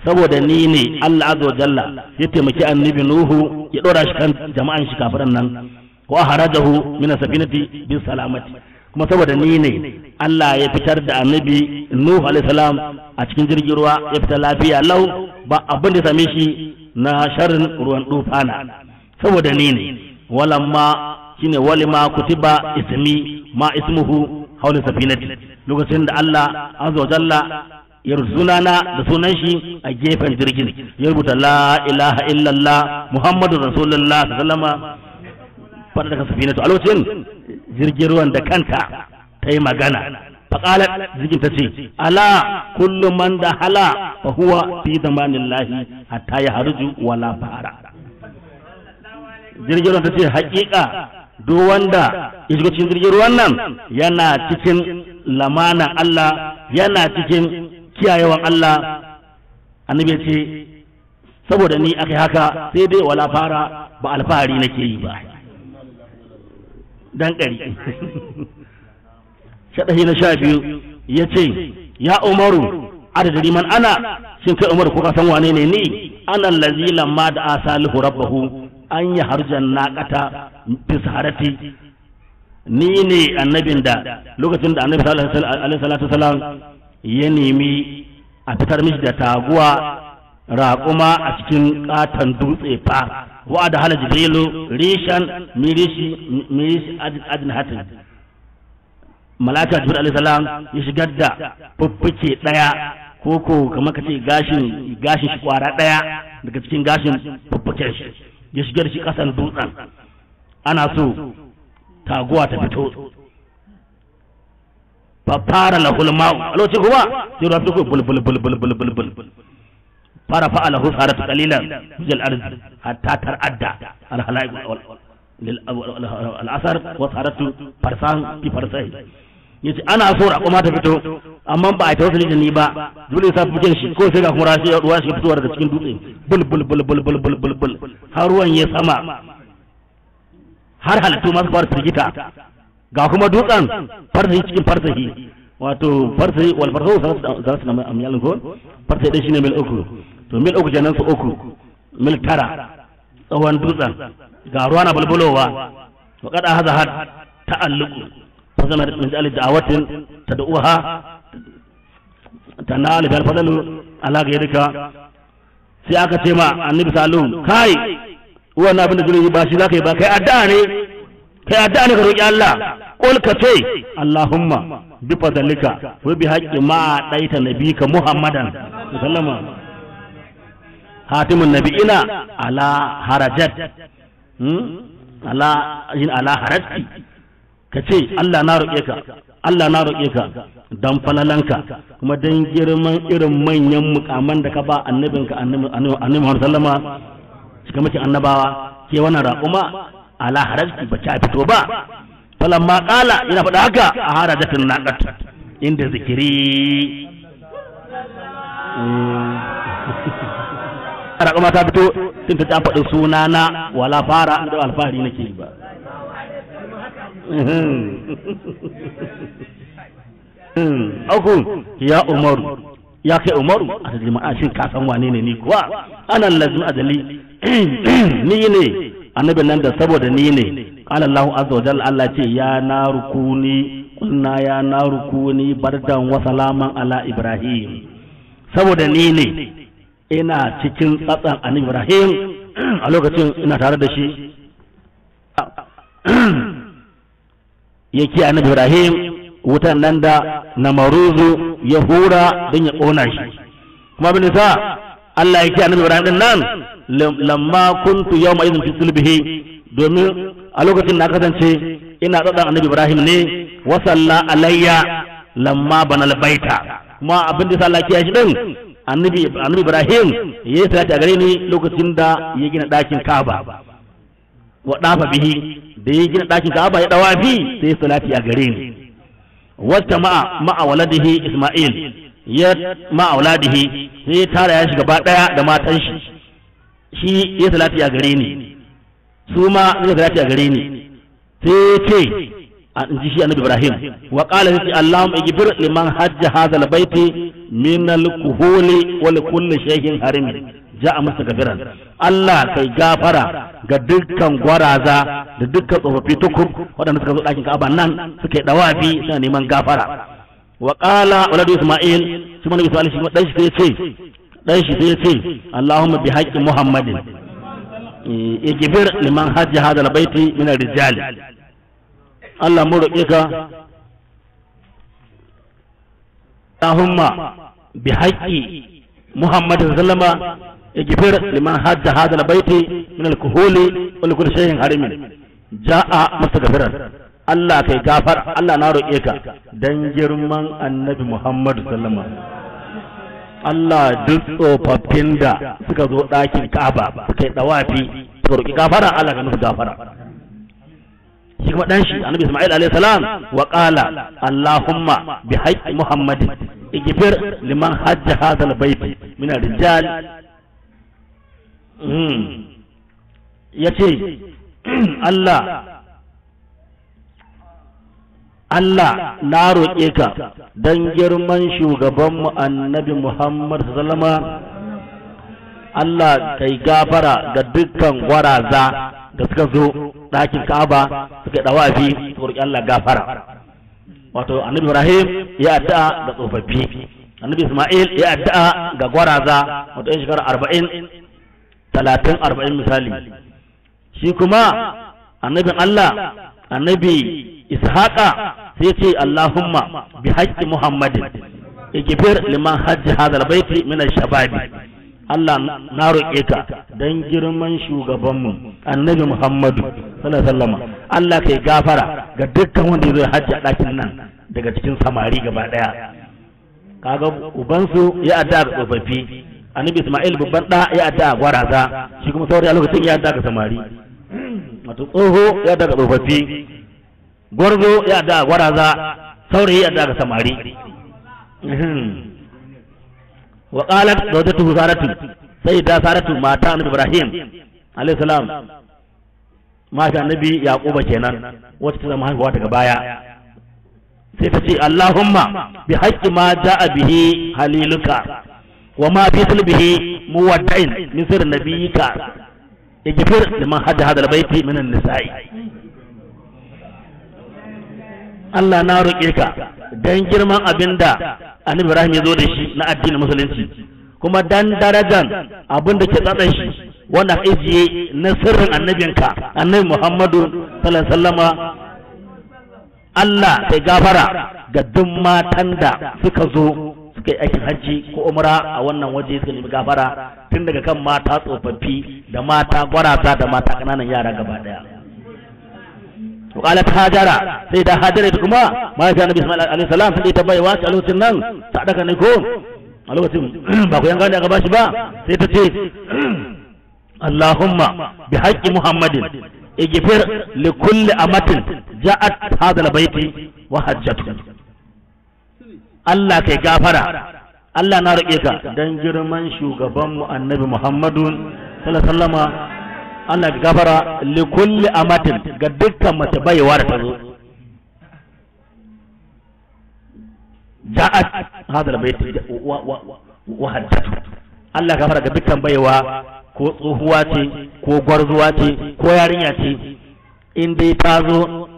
saboda ni ne Allah azza wa jalla ya taimaki annabi nuhu ya dora shi kan jama'an shi kafiran nan wa harajahu min safinati bi salamati kuma saboda ni ne Allah ya fitar da annabi nuhu alayhi salam a cikin jirgin ruwa ya fita lafiya lau ba abin da same shi na sharrin ruwan dufana saboda ni ne walamma shine walima kutiba ismi ma ismuhu haula safinati lokacin da Allah azza wa jalla ya sunana da sunan shi a gefen jirgin ya rubuta la ilaha illallah muhammadu rasulullah sallama fada daga safinatu a lokacin jirgin ruwan da kanta ta yi magana faƙalar jirgin ta ce ala kullum man da hala fa huwa fi zamanin lahi hatta ya harju wala fara jirgin ruwan ta ce haƙiƙa duk wanda ya shiga jirgin ruwan nan yana cikin lamanan Allah yana cikin kiyayewan Allah annabi ce saboda ni akai haka sai dai wala fara ba alfahari nake yi ba dan ƙari *laughs* na sha biyu ya ce ya umaru adadari man ana shin kai umaru ko ka san wane ne ni anan lazi lamma da asalihu rabbahu an yi harjan naƙata fisharati ni ne annabin da lokacin da annabi salatu salam ya nemi a fitar mishi da taguwa raƙuma a cikin ƙaton dutse fa wa da hala jibrilu rishan mirishi mirishi hatin malaka jibril alayhi salam ya shigar da fuffuke daya ko ko kamar kace gashin gashin shi kwara daya daga cikin gashin fuffuken shi ya shigar shi ƙasar dutsen ana so taguwa ta fito fara lahul ma'u a lokacin kuma sai ruwa suka bul bul bul bul bul bul bul fara fa'a lahu sarat qalilan zal ardi hatta taradda al halaiq wal al asar wa saratu farsan fi farsai yace ana so kuma ta fito amma ba a tawassuli da ni ba dole sa fitin shi ko sai ga kuma rashi duwa shi fitowar da cikin dutse bul bul bul bul bul bul bul bul har ruwan ya sama har halittu masu fara firgita ga kuma dutsen farsahi cikin farsahi wato farsahi wal farsahu za su na amyalin ko farsahi dai shine mil uku to mil uku kenan su uku mil tara tsawon dutsen ga ruwa na bulbulowa wa kada haza had ta'alluqu فزمرت من جعل دعوة تدعوها تنال بالفضل على غيرك sai aka ce ma annabi salum kai wannan abin da zuri ba shi zaka yi ba kai addu'a ne kai addu'a ne ka roki Allah qul ka ce Allahumma bi fadlika wa bi haqqi ma daita nabika Muhammadan sallama hatimun nabiyina ala harajat ala ala harajati ka ce Allah na roƙe ka Allah na roƙe ka dan falalanka kuma dan girman irin manyan mukaman da ka ba annabinka annabi Muhammad sallama shi kuma ce annabawa ke wannan raƙuma ala harajki ba ta fito ba ma ƙala, yana faɗa haka a harajatin naqat inda zikiri *laughs* raƙuma ta fito tun ta faɗi sunana wala fara inda alfahari nake ba aku hmm. hmm. hmm. ya umaru ya kai umaru a tajima a shin ka ne ni kuwa anan lazim azali *clears throat* ni ne annabi nan da saboda ni ne qala allah azza wa jalla allah ce ya narukuni kunna ya narukuni bardan wa salaman ala ibrahim saboda ni ne ina cikin tsatsan annabi ibrahim *clears throat* a lokacin ina tare da shi yake annabi Ibrahim wutan nan da na maruzu ya hura don ya ƙona shi kuma bin sa Allah yake annabi Ibrahim din nan lamma kuntu yau ma fi sulbihi domin a lokacin na kasance ina tsadan annabi Ibrahim ne wa alayya lamma bana baita kuma abin da sa Allah ya shi din annabi Ibrahim ya yi salati a gare ni lokacin da ya gina ɗakin Ka'aba wa dafa bihi da ya gina ɗakin Ka'aba ya ɗawa bi sai ya salati a gare ni wata ma'a ma'a waladihi Isma'il ya ma'a waladihi sai ya tara ya shiga ɗaya da matan shi shi ya salati a gare ni su ma ya salati a gare ni sai ya ce a ji shi annabi Ibrahim wa qala sai allahu ighfir liman hajja hadha al-baiti min al-kuhuli wa li kulli shay'in harimi ja a masa gafiran Allah kai gafara ga dukkan gwaraza da dukkan tsofaffi tukur waɗanda suka zo ɗakin Ka'aba nan suke dawafi suna neman gafara wa qala waladu Isma'il shi manzo Isma'il shi dan shi ce dan shi sai ce Allahumma bi haqqi Muhammadin eh, igfir liman hajja hadal baiti min ar-rijal Allah mu roƙe ka Allahumma bi haqqi muhammadin sallama اجبر لمن حج هذا البيت من الكهول ولكل شيء حرم جاء مستغفرا الله كي غفر الله نارو إيكا دن جرمان النبي محمد صلى الله عليه وسلم Allah duk tsofaffin da suka zo ɗakin Ka'aba suka yi ɗawafi suka roƙi gafara Allah ka gafara shi kuma dan shi Annabi Isma'il alayhi salam wa qala Allahumma bi haqqi Muhammad igfir liman hajja hadha al-bayt min ar-rijal Hmm. ya ce Allah Allah na roƙe ka don girman shugabanmu annabi Muhammad sallama Allah ka yi gafara ga dukkan za da suka zo ɗakin Ka'aba suka ɗawafi su roƙi Allah gafara wato annabi Ibrahim ya addu'a ga tsofaffi annabi Isma'il ya addu'a ga gwaraza wato 'yan shekara arba'in talatin arba'in misali shi kuma annabin Allah annabi ishaqa sai ce Allahumma bi haqqi Muhammadin igfir liman hajji hadal baiti min shababi Allah na roƙe ka dan girman shugabanmu annabi Muhammadu sallallahu alaihi Allah kai gafara ga dukkan wanda ya zo hajji a ɗakin nan daga cikin samari gaba ɗaya kaga ubansu ya adda ga tsofaffi annabi Isma'il babban da ya adda a gwaraza shi kuma sauri a lokacin ya adda ga samari wato tsoho ya adda ga tsofaffi gwarzo ya adda a gwaraza saurayi ya adda ga samari wa qalat zawjatuhu saratu sayyida saratu mata annabi Ibrahim alayhi salam mata annabi Yaquba kenan wata ta zama haihuwa daga baya sai ta ce Allahumma bi haqqi ma ja'a bihi haliluka wa ma fi sulbihi muwadda'in min sirrin nabiyika yaghfir liman hajja hadal baiti min an-nisa'i Allah na roƙe ka dan girman abinda Annabi Ibrahim ya zo da shi na addinin musulunci kuma dan darajan abinda ke tsada shi wanda ajiye na sirrin annabinka annabi Muhammadu sallallahu alaihi wasallama Allah ta gafara ga duk matan da suka zo suka yi aikin hajji ko umra a wannan waje suka nemi gafara tun daga kan mata tsofaffi da mata gwarata da mata kananan yara gaba daya to qalat hajara sai da hajara ta kuma ma ya nabi sallallahu alaihi wasallam sai ta baiwa a lokacin nan ta daka ne ko a lokacin *clears throat* ba ku yanga da aka bashi ba sai ta ce *clears throat* Allahumma bi haqqi Muhammadin igfir li kulli amatin ja'at hadha al-bayti wa hajjatuhu Allah kai gafara Allah na rike ka dan girman shugabanmu annabi Muhammadu sallallahu alaihi Allah ka gafara li kulli amatin ga dukkan mace baiwa da ta zo ja'at bai ta wa haddatu Allah gafara ga dukkan baiwa ko tsohuwa ce ko gwarzuwa ce ko yarinya ce in dai ta zo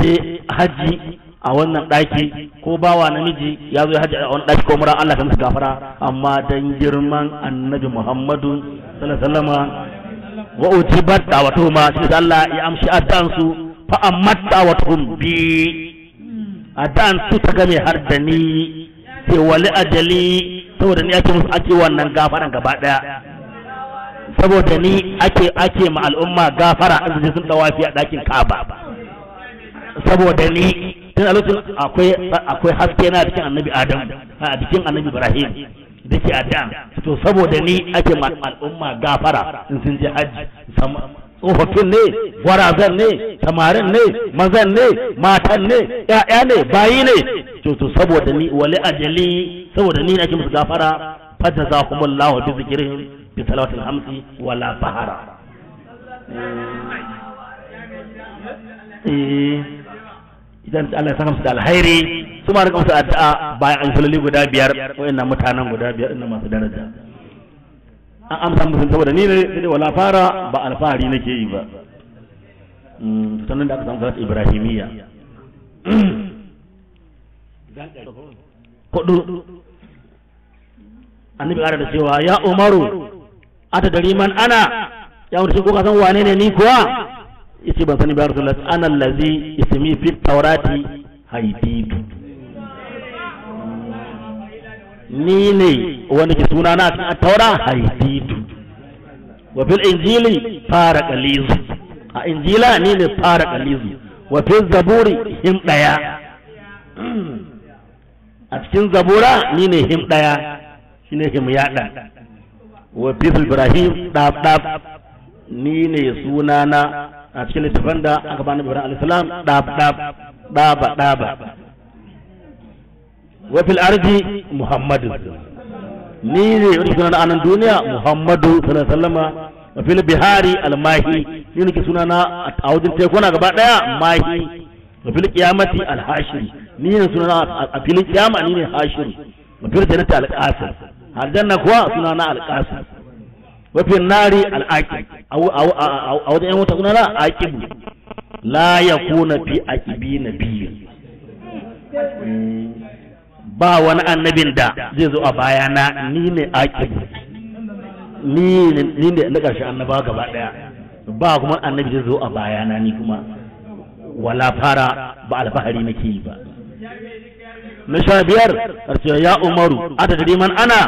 ta haji a wannan ɗaki ko bawa namiji ya zo ya hajji a wani ɗaki ko mura Allah ta musu gafara amma dan girman annabi Muhammadu sallallahu alaihi wasallam wa utibat da'watuhuma shi Allah ya amshi addan su fa ammat da'watuhum bi addan su ta game har da ni sai wali ajali saboda ni ake musu ake wannan gafaran gaba daya saboda ni ake ake ma al'umma gafara in sun dawafi a ɗakin Ka'aba saboda ni tun a lokacin akwai akwai haske na cikin annabi adam a cikin annabi ibrahim da ke adam to saboda ni ake ma al'umma gafara in sun je hajji tsofaffin ne gwarazan ne samarin ne mazan ne matan ne ya'ya ne bayi ne to to saboda ni wali ajali saboda ni ake musu gafara fata za kuma Allah bi zikirin bi salawatul hamsi wala bahara eh. idan Allah ya saka musu da alhairi su ma rika musu addu'a bayan an salloli guda biyar wayannan mutanen guda biyar ina masu daraja an amsa musu saboda ni ne sai wala fara ba alfahari nake yi ba mm, sannan da aka samu salat ibrahimiyya hudu annabi ƙara da cewa ya umaru ata dari man ana ya ko ka san wane ne ni kuwa yace ban sani ba rasulullah ana allazi ismi fi tawrati haididu ni ne wanda ke suna na cikin taura haididu wa fil injili fara kalizu a injila ni ne fara kalizu wa fil zaburi him daya *clears throat* a cikin zabura ni ne him daya shine him yada wa fil ibrahim dab dab ni ne suna na. a cikin littafin da aka bani biran alisalam ɗab ɗab ɗaba ɗaba wa fil ardi muhammadu ni ne wani suna na anan duniya muhammadu sallallahu sallama wa fil bihari almahi ni ne ke suna na a wajen tekuna gaba ɗaya mahi wa fil kiyamati alhashiri ni ne suna na a filin kiyama ni ne hashiri wa fil jannati alqasir aljanna kuwa suna na alqasir wafin nari al'aƙi a wajen yan wuta suna na bu la ya kuna fi na biyu. ba wani annabin da zai zo a bayana ni ne bu ni ne na ƙarshe annaba gaba ɗaya ba kuma annabi zai zo a bayana ni kuma wala fara ba alfahari nake yi ba na sha biyar ya umaru ata man ana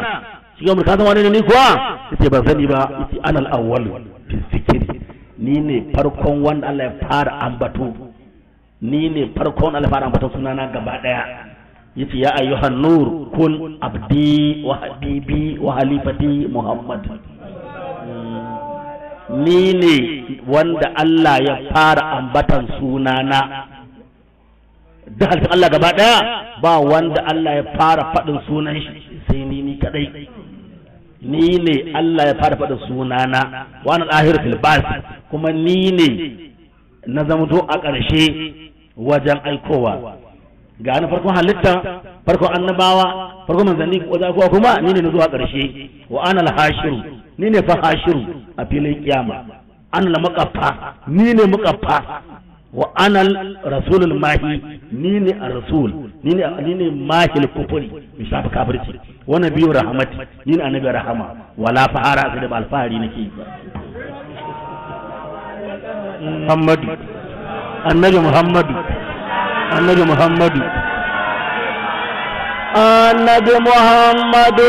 cikin amurka zama ne ni kuwa yace ba sani ba yace anal awal fi ni ne farkon wanda Allah ya fara ambato ni ne farkon Allah ya fara ambato sunana gaba daya yace ya ayyuhan nur kun abdi wa habibi wa halifati muhammad hmm. ni ne wanda Allah ya fara ambatan sunana da halittar Allah gaba daya ba wanda Allah ya fara faɗin sunan shi sai ni ni kadai ni ne Allah ya fara faɗa sunana wani ɗahir filbas kuma ni ne na zamto a ƙarshe wajen aikowa ga na farkon halitta farkon annabawa farkon manzanni wajen aikowa kuma ni ne na zuwa ƙarshe wa ana hashiru ni ne fa hashiru a filin kiyama ana la makafa ni ne makafa wa ana rasulul mahi ni ne a rasul ni ne ni ne mahil kufuri mi shafa kafirci wa nabiyyu rahmat ni ne annabi rahama wala fahara sai da alfahari nake Muhammadu annabi Muhammadu annabi Muhammadu annabi Muhammadu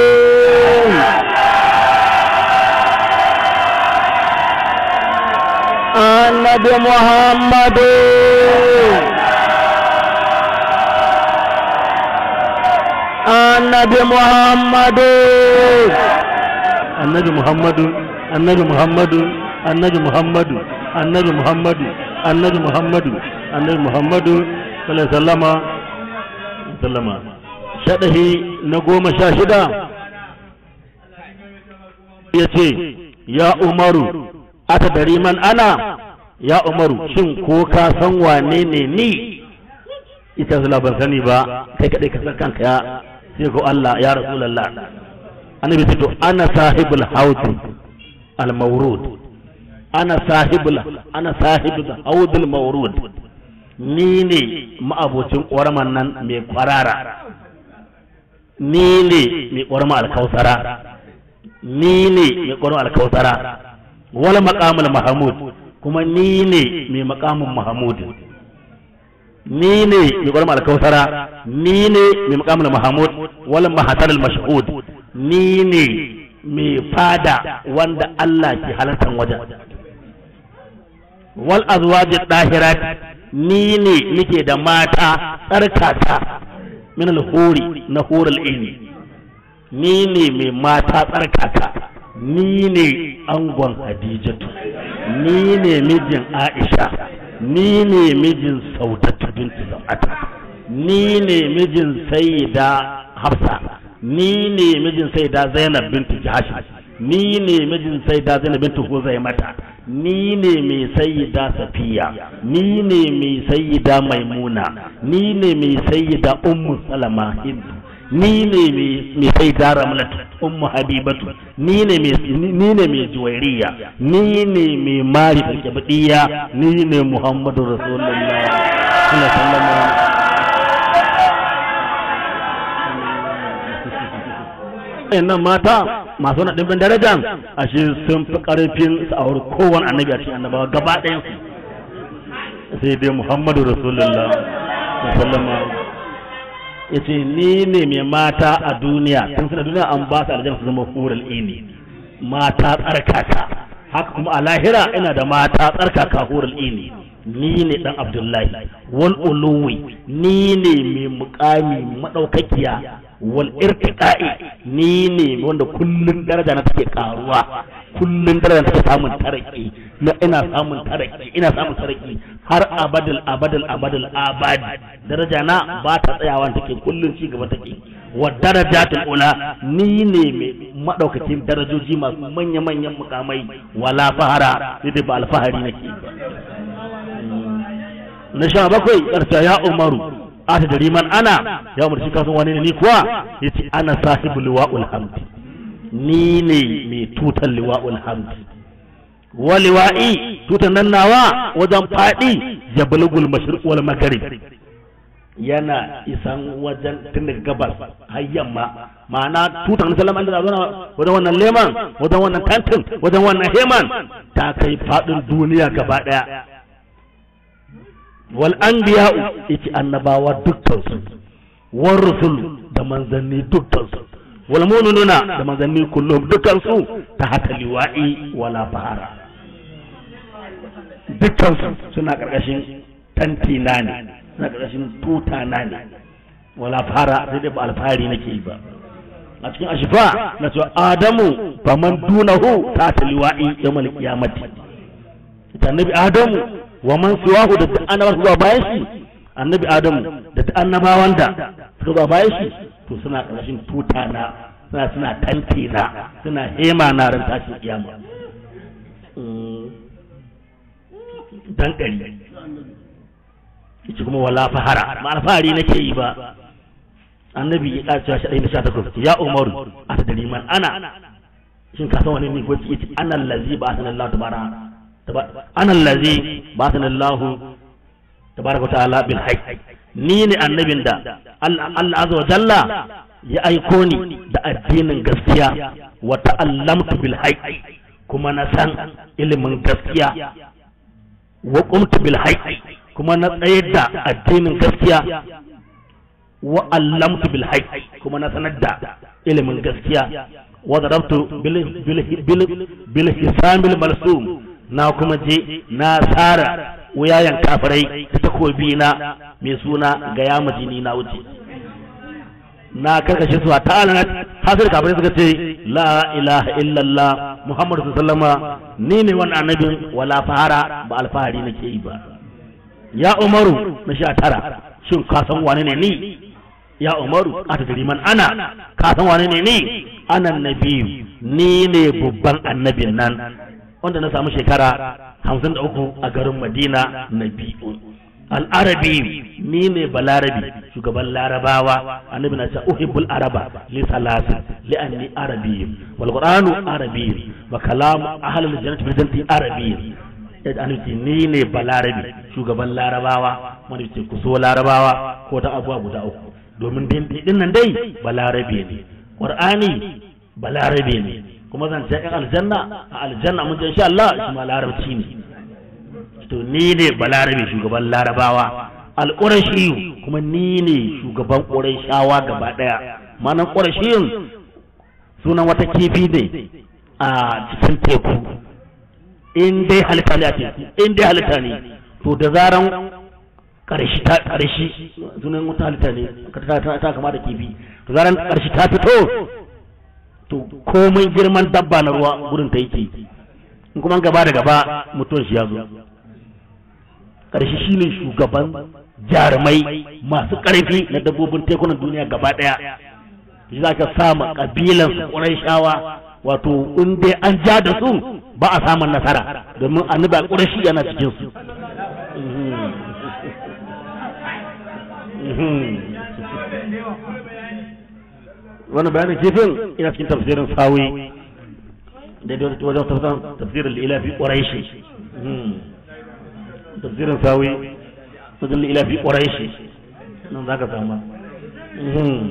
annabi Muhammadu annabi muhammadu annabi muhammadu annabi muhammadu annabi muhammadu annabi muhammadu annabi muhammadu annabi muhammadu sallama sallama shadahi na goma sha shida ya ce ya umaru aka dari man ana ya umaru shin ko ka san wane ne ni ita zula ban sani ba kai kaɗai ka san kanka ya sai ko Allah ya rasulullah annabi ce to ana sahibul haud al mawrud ana sahibul ana sahibul haud al mawrud ni ne ma'abocin ƙwarman nan mai kwarara ni ne mai ƙwarma alkausara ni ne mai ƙwarma alkausara wal maqamul mahmud kuma ni ne mai maqamun mahmud ni ne mai gwarma alkausara ni ne mai mahamud wal mahatar mashahud ni ne mai fada wanda Allah ke halartar wajen wal azwaji dahirat ni ne nike da mata tsarkata min alhuri na hurul ilmi ni ne mai mata tsarkata ni ne angon hadijatu ni ne mijin aisha ni ne mijin ta bintu zam'ata ni ne mijin sayyida hafsa ni ne mijin sayyida zainab bintu jahashi ni ne mijin sayyida zainab bintu huzaimata ni ne mai sayyida safiya ni ne mai sayyida maimuna ni ne mai sayyida ummu salama hindu ni ne mai kai dara mulat ummu habibatu ni ne mai ni ne mai juwairiya ni ne mai mari kibdiya ni ne muhammadu rasulullah nan mata masu na ɗimbin darajan a shi sun fi ƙarfin su kowane annabi a cikin annabawa gaba ɗayan sai dai muhammadu rasulullah sallama yace ni ne mai mata a duniya tun suna duniya an ba su aljanna su zama kural ini mata tsarkaka haka kuma a lahira ina da mata tsarkaka kural ini ni ne dan abdullahi wal uluwi ni ne mai mukami madaukakiya wal irtiqai ni ne wanda kullun daraja na take karuwa kullun daraja na take samun taraki na ina samun taraki ina samun taraki har abadal abadal abadal abadi daraja na ba ta tsayawa take kullun ci gaba take wa darajatul ula ni ne mai madaukakin darajoji masu manya manyan mukamai wala fahara sai ba alfahari nake na sha bakwai karta ya umaru a ta da man ana ya shi kasan wani ne ni kuwa yace ana sahibul liwa'ul hamd ni ne mai tutar liwa'ul hamd waliwa'i tutan nan nawa wajen faɗi ya bulgul mashriq wal maghrib yana isan wajen tun daga gabas har yamma ma'ana tutan na sallama inda zauna wajen wannan leman wajen wannan tantin wajen wannan heman ta kai faɗin duniya gaba ɗaya wal biya yace annabawa dukkan su war rusul da manzanni dukkan su wal mununa da manzanni kullum dukkan su ta hata liwa'i wala fahara Dukkansu suna ƙarƙashin tanti na ne suna ƙarƙashin tuta na ne wala fara sai dai ba alfahari nake yi ba a cikin ashifa na ce adamu ba man dunahu ta taliwa'i kiyamati ita annabi adamu wa man siwahu da annabawa ba bayan shi annabi adamu da annabawan da suka zuwa bayan shi to suna ƙarƙashin tuta na suna suna tanti na suna hema na ran tashin kiyama dan ɗari kuma wala fahara ma alfahari nake yi ba annabi ya ƙara cewa shaɗai da sha takwas ya umar a ta dari man ana shin ka san wani ne ko yace ana allazi ba sanan Allah tabara ana allazi ba sanan Allah tabaraka ta'ala bil haqq ni ne annabin da Allah azza wa jalla ya aiko ni da addinin gaskiya wa ta'allamtu bil haqq kuma na san ilimin gaskiya wa qumtu bil hayy kuma na tsayar da addinin gaskiya wa allamtu bil hayy kuma na sanar da ilimin gaskiya wa darabtu bil bil hisamil malsum na kuma je na tsara wuyayen kafirai da takobi na mai suna ga yamajini na wuce na karkashe su a ta'alanat hasir kafirai suka ce la ilaha illallah muhammadu sallama ni ne wani annabin wala fahara ba alfahari nake yi ba ya umaru na sha tara shin ka san wane ne ni ya umaru a man ana ka san wane ne ni ana nabi ni ne babban annabin nan wanda na samu shekara hamsin da uku a garin madina nabi'un al'arabi ni ne balarabi shugaban larabawa annabi na cewa uhibbul araba li salasa li anni arabi wal qur'anu arabi wa kalamu ahlul jannati arabi eh, annabi ni ne balarabi shugaban larabawa wanda ce ku so larabawa ko ta abuwa guda uku domin din nan dai balarabi ne qur'ani balarabi ne kuma zan ce aljanna a aljanna mun insha Allah shi ma larabci ne to ni ne balarabe shugaban larabawa alƙurashiyu kuma ni ne shugaban ƙurashawa gaba ɗaya manan ƙurashiyun sunan wata kifi ne a cikin teku in dai halitta ne a teku in dai halitta ne to da zaran ƙarshe ta ƙarshe sunan wata halitta ne ta kama da kifi to zaran ƙarshe ta fito to komai girman dabba na ruwa gurin ta yake in kuma gaba da gaba mutum shi ya zo ƙarshe shi ne shugaban jarumai masu ƙarfi na dabbobin tekunan duniya gaba ɗaya shi za ka sama ƙabilan su ƙurai shawa wato in dai an ja da su ba a samun nasara domin annabi a ƙurai shi yana cikin su wani bayanin kifin ina cikin tafsirin sawi da wajen tafsirin lilafi ƙwarai shi tafsirin sawi sajin ila fi quraishi nan zaka samu anan hmm.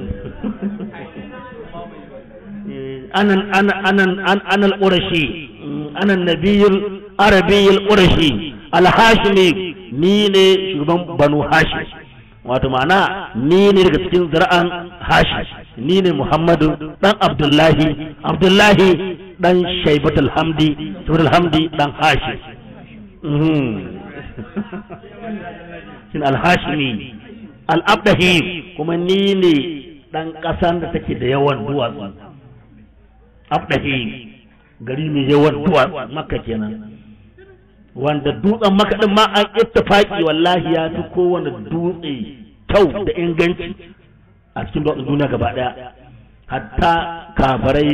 eh, anan anan anan al-qurashi hmm, anan nabiyul arabiyul qurashi al-hashimi ni ne shugaban banu hashim wato ma'ana ni ne daga cikin zara'an hashim ni ne muhammadu dan abdullahi abdullahi dan shaibatul hamdi shaibatul hamdi dan hashim hmm. *laughs* shin alhashimi al'abdahi kuma ni ne ɗan ƙasan da take da yawan duwatsu abdahi gari mai yawan duwatsu maka kenan wanda dutsen maka ɗin ma an ittifaki wallahi ya fi kowane dutse kyau da inganci a cikin duniya gaba ɗaya hatta kafarai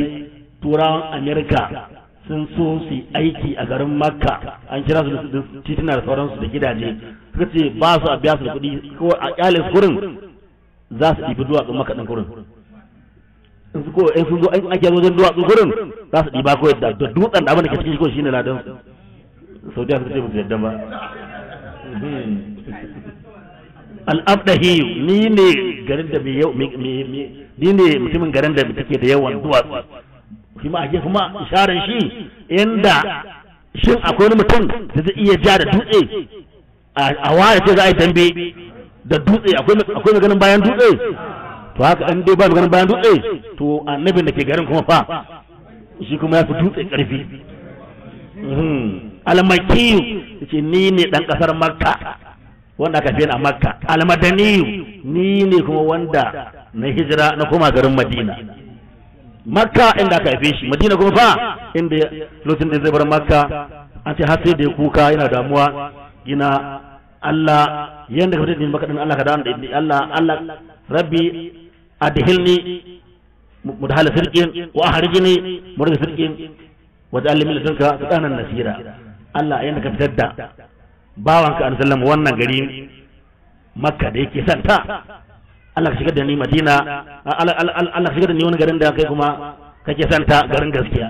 turawan amerika sun so su aiki a garin makka an kira su da titina da sauransu da gidaje suka ce ba su a biya su da kuɗi ko a kyale gurin za su ɗibi duwatsu makka ɗin gurin in su ko in sun zo an ake wajen duwatsu gurin za su ɗiba ko da dutsen da abin da ke cikin ko shine ladan sau da suka ce ba su yadda ba hmm. al'abdahiyu ni ne garin da mai ni ne mutumin garin da take da yawan duwatsu shi ma ake kuma isharar shi inda shin akwai wani mutum da zai iya ja da dutse a waya ce za a yi dambe da dutse akwai maganin bayan dutse to haka an dai ba maganin bayan dutse to annabin da ke garin kuma fa shi kuma ya fi dutse karfi hmm. almakiyu ce ni ne dan kasar makka wanda aka fiye a makka almadaniyu ni ne kuma wanda na hijira na koma garin madina makka inda aka haife shi madina kuma fa inda lokacin da zai bar makka an ce har sai da kuka yana damuwa gina Allah yanda ka fitar makka din Allah ka da inda Allah Allah rabbi adhilni mudhal sirqin wa ahrijni murda sirqin wa ta'allim ladunka tsanan nasira Allah yanda ka fitar da bawanka an sallama wannan gari makka da yake santa Allah ka shigar da ni Madina Allah ka shigar da ni wani garin da kai kuma kake santa garin gaskiya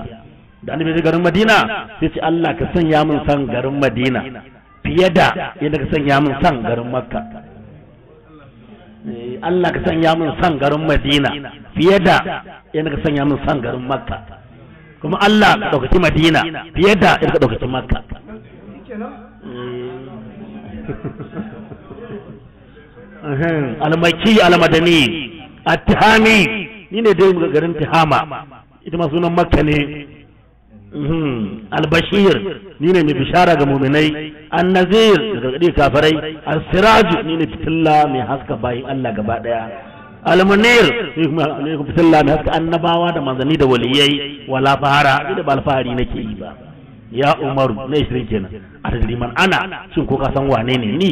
da annabi zai garin Madina sai ce Allah ka sanya min san garin Madina fiye da yadda ka sanya min san garin Makka eh, Allah ka sanya min san garin Madina fiye da yadda ka sanya min san garin Makka kuma Allah ka daukaci Madina fiye da yadda ka daukaci Makka *laughs* almaki almadani attihami ni ne dai garin tihama ita ma sunan makka ne albashir ni ne mai bishara ga muminai annazir da gargaɗi kafirai asiraju ni ne fitilla mai haska bayan Allah gaba ɗaya almanir ni ne fitilla mai haska annabawa da manzanni da waliyai wala fahara ni da balfahari na nake yi ba ya umaru na ishirin kenan a tajiriman ana shin ko ka san wane ne ni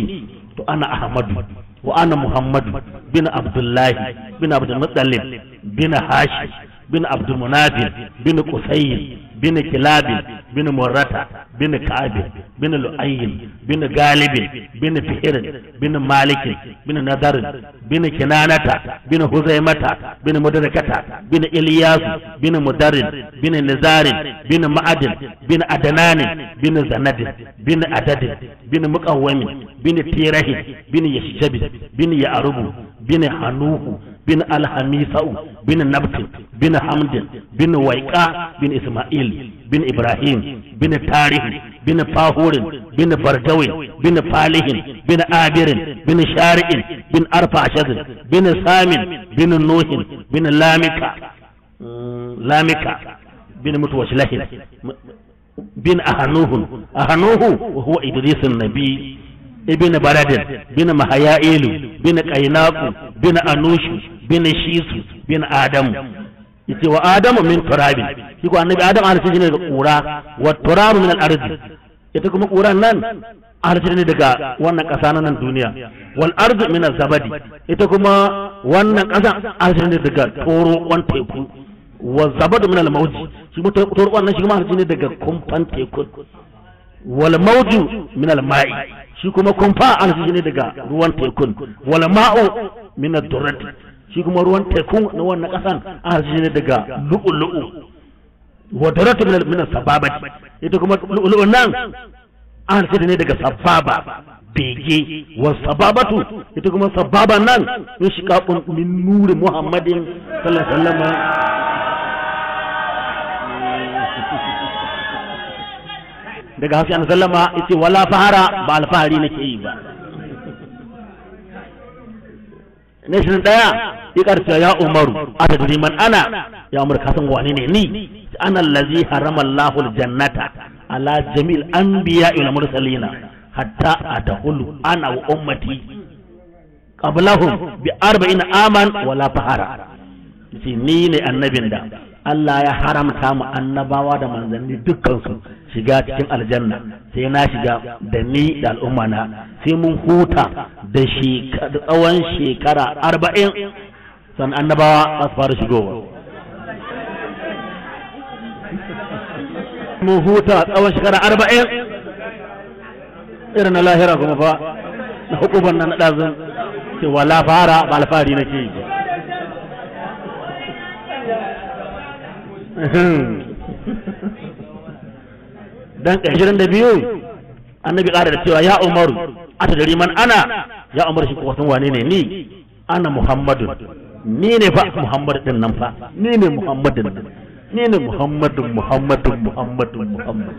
to ana ahmadu wa ana muhammadu bin abdullahi bin abdulmuttalib bin hashim bin abdulmunadin bin qusayn bin kilabin bin murata bin Kabir bin lu'ayyin bin galibin bin fihirin bin malikin bin Nazarin bin kinanata bin huzaimata bin mudarakata bin ilyasu bin mudarin bin nizarin bin ma'adin bin adananin bin zanadin bin adadin bin muqawwamin bin tirahi bin yashjabi bin ya'rubu bin hanuhu bin alhamisa'u bin nabtin bin hamdin bin waika bin isma'il bin ibrahim bin tarihi bin fahurin bin fardawi bin falihin bin abirin bin shari'in bin arfashadin bin samin bin nuhin bin lamika lamika bin mutuwashilahin bin ahanuhun ahanuhu huwa idris nabi ibn baradin bin mahayailu bin qainaku bin anushu bin shisu bin adamu yace wa adamu min turabi shi ko annabi adam an ne daga qura wa turabu min al-ardi ita kuma kuran nan an ne daga wannan kasa nan duniya wal ardu min zabadi ita kuma wannan kasa an ne daga toro wan teku wa zabadu min al-mawji shi kuma toro wannan shi kuma an ne daga kumfan teku wal mawju min al-ma'i shi kuma kumfa alfi ne daga ruwan tekun wala ma'u min ad-durrat shi kuma ruwan tekun na wannan kasan alfi ne daga lu'ulu'u wa durrat min min sababati ita kuma lu'ulu'un nan alfi ne daga sababa bege wa sababatu ita kuma sababa nan yushiqaqun min nuri muhammadin sallallahu alaihi wasallam daga hafi an sallama ita wala fahara ba alfahari nake yi ba ne shi daya ya karce ya umaru da man ana ya umar kasan wani ne ni ana lazi harama lahul jannata ala jamil biya ila mursalina hatta a ta hulu ana wa ummati qablahum bi arba'in aman wala fahara ni ne annabin da Allah ya haramta mu annabawa da manzanni dukkansu shiga cikin aljanna sai na shiga da ni da al'umma na sai mun huta da tsawon shekara arba'in san annabawa za su fara shigowa mun huta tsawon shekara arba'in irin na lahira kuma fa na hukuban na ɗazin ce wala fara ba alfahari nake yi *laughs* dan ƙashirin da biyu annabi ƙara da cewa ya umaru a ta man ana ya umaru shi kwasan wane ne ni ana muhammadun ni ne fa muhammadu din nan fa ni ne muhammadun nan ni ne muhammadun muhammadun muhammadun muhammadun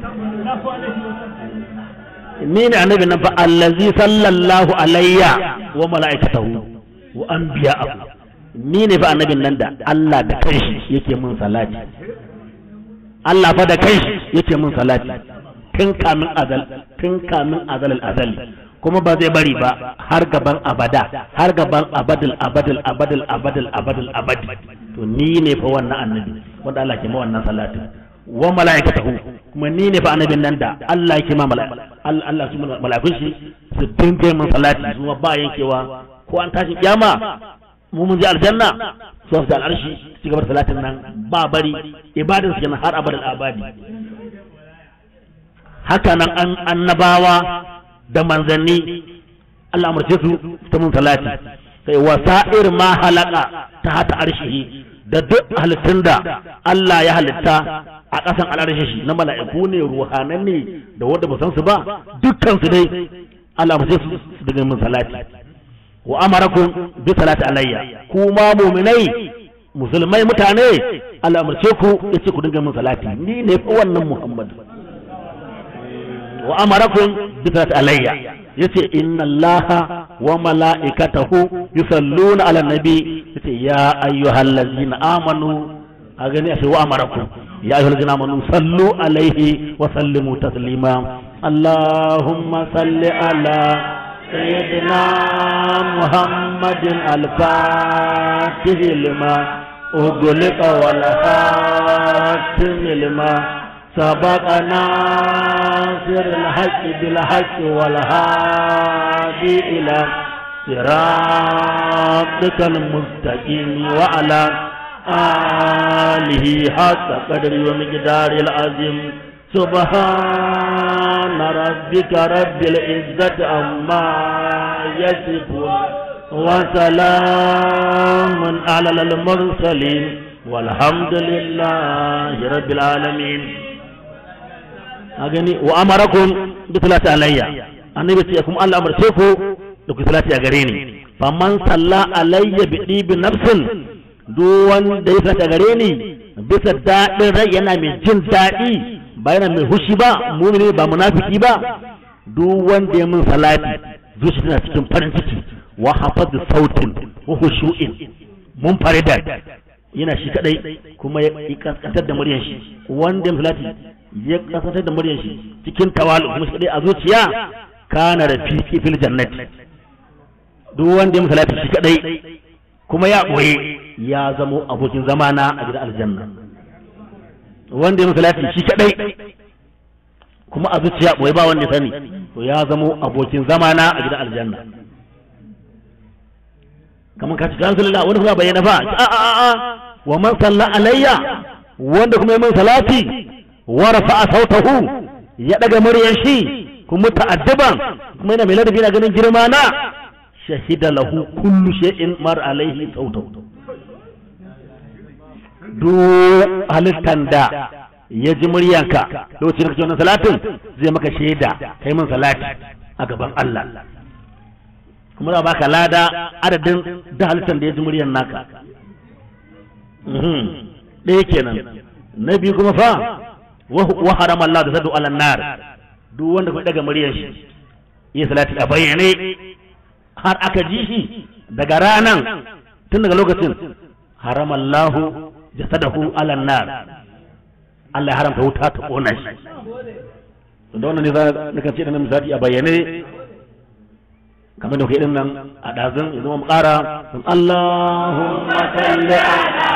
ni ne annabi nan fa allazi sallallahu alayya wa mala'ikatahu wa anbiya'ahu ni ne fa annabin nan da Allah da kanshi yake mun salati Allah fa da kanshi yake mun salati tun kamin azal tun kamin azal azal kuma ba zai bari ba har gaban abada har gaban abadul abadul abadul abadul abadul abadi to ni ne fa wannan annabi wanda Allah ke ma wannan salati wa mala'ikatahu kuma ni ne fa annabin nan da Allah ke ma mala'ika Allah su mala'ikun shi su dinga mun salati kuma ba yankewa ko an tashi kiyama mu mun ji aljanna su wasu al'arshi su gabar salatin nan ba bari ibadin su har abada abadi haka nan an annabawa da manzanni Allah amurce su ta mun salati sai wasa'ir ma halaka ta hata arshihi da duk halittun da Allah ya halitta a ƙasan al'arshi na mala'iku ne ruhanan ne da wanda ba san su ba dukkan su dai Allah amurce su daga mun salati wa amarakum bi salati alayya ku ma mu'minai musulmai mutane Allah ku yace ku dinga min salati ni ne fa wannan Muhammad wa amarakum bi salati alayya yace inna allaha wa mala'ikatahu yusalluna ala nabi yace ya ayyuhallazina amanu a gani a wa amarakum ya ayyuhallazina amanu sallu alaihi wa sallimu taslima allahumma salli ala سيدنا محمد الفاتح لما أغلق والخاتم لما سبق ناصر الحق بالحق والهادي إلى صراطك المستقيم وعلى آله حتى قدر ومقدار العظيم سبحان ربك رب العزة عما يصفون وسلام على المرسلين والحمد لله رب العالمين أغني وأمركم بثلاثة علي annabi ce kuma Allah amarce ku da ku salati a gare ni faman salla alayya bi nafsin duk wanda ya salati gare ni bisa daɗin rai yana mai jin daɗi bayan mai hushi ba ne ba munafiki ba duk wanda ya min salati zuci tana cikin farin ciki wa hafaz sautin wa hushu'in mun da yana shi kadai kuma ya kaskantar da muryar shi wanda ya salati ya kaskantar da muryar shi cikin tawalu kuma shi kadai a zuciya kana rafiqi fil jannati duk wanda ya salati shi kadai kuma ya koyi ya zamo abokin zamana a gidan aljanna wanda ya lafi shi kadai kuma a zuciya boye ba wanda sani to ya zamo abokin zamana a gidan aljanna kamar ka cikin sallah wanda kuma bayyana fa a a a wa man salla alayya wanda kuma ya min salati wa rafa'a sautahu ya daga muryar shi kuma ta'addaban kuma yana mai ladabi na ganin girma na shahida lahu kullu shay'in mar alayhi sautahu duk halittan da ya ji muryanka lokacin da kake wannan salatin zai maka shaida kai min salati a gaban Allah kuma za baka lada adadin da halittan da ya ji muryan naka mhm. ɗaya kenan na biyu kuma fa wa haram Allah da sadu alan nar duk wanda kuma daga muryan shi ya salati a bayyane har aka ji shi daga ranan tun daga lokacin haram Allahu jasadahu ala nar Allah ya haramta wuta ta kona shi da wannan ne za na kan ce da nan misali a bayyane kamar da kai din nan a dazin yanzu mu ƙara Allahumma salli ala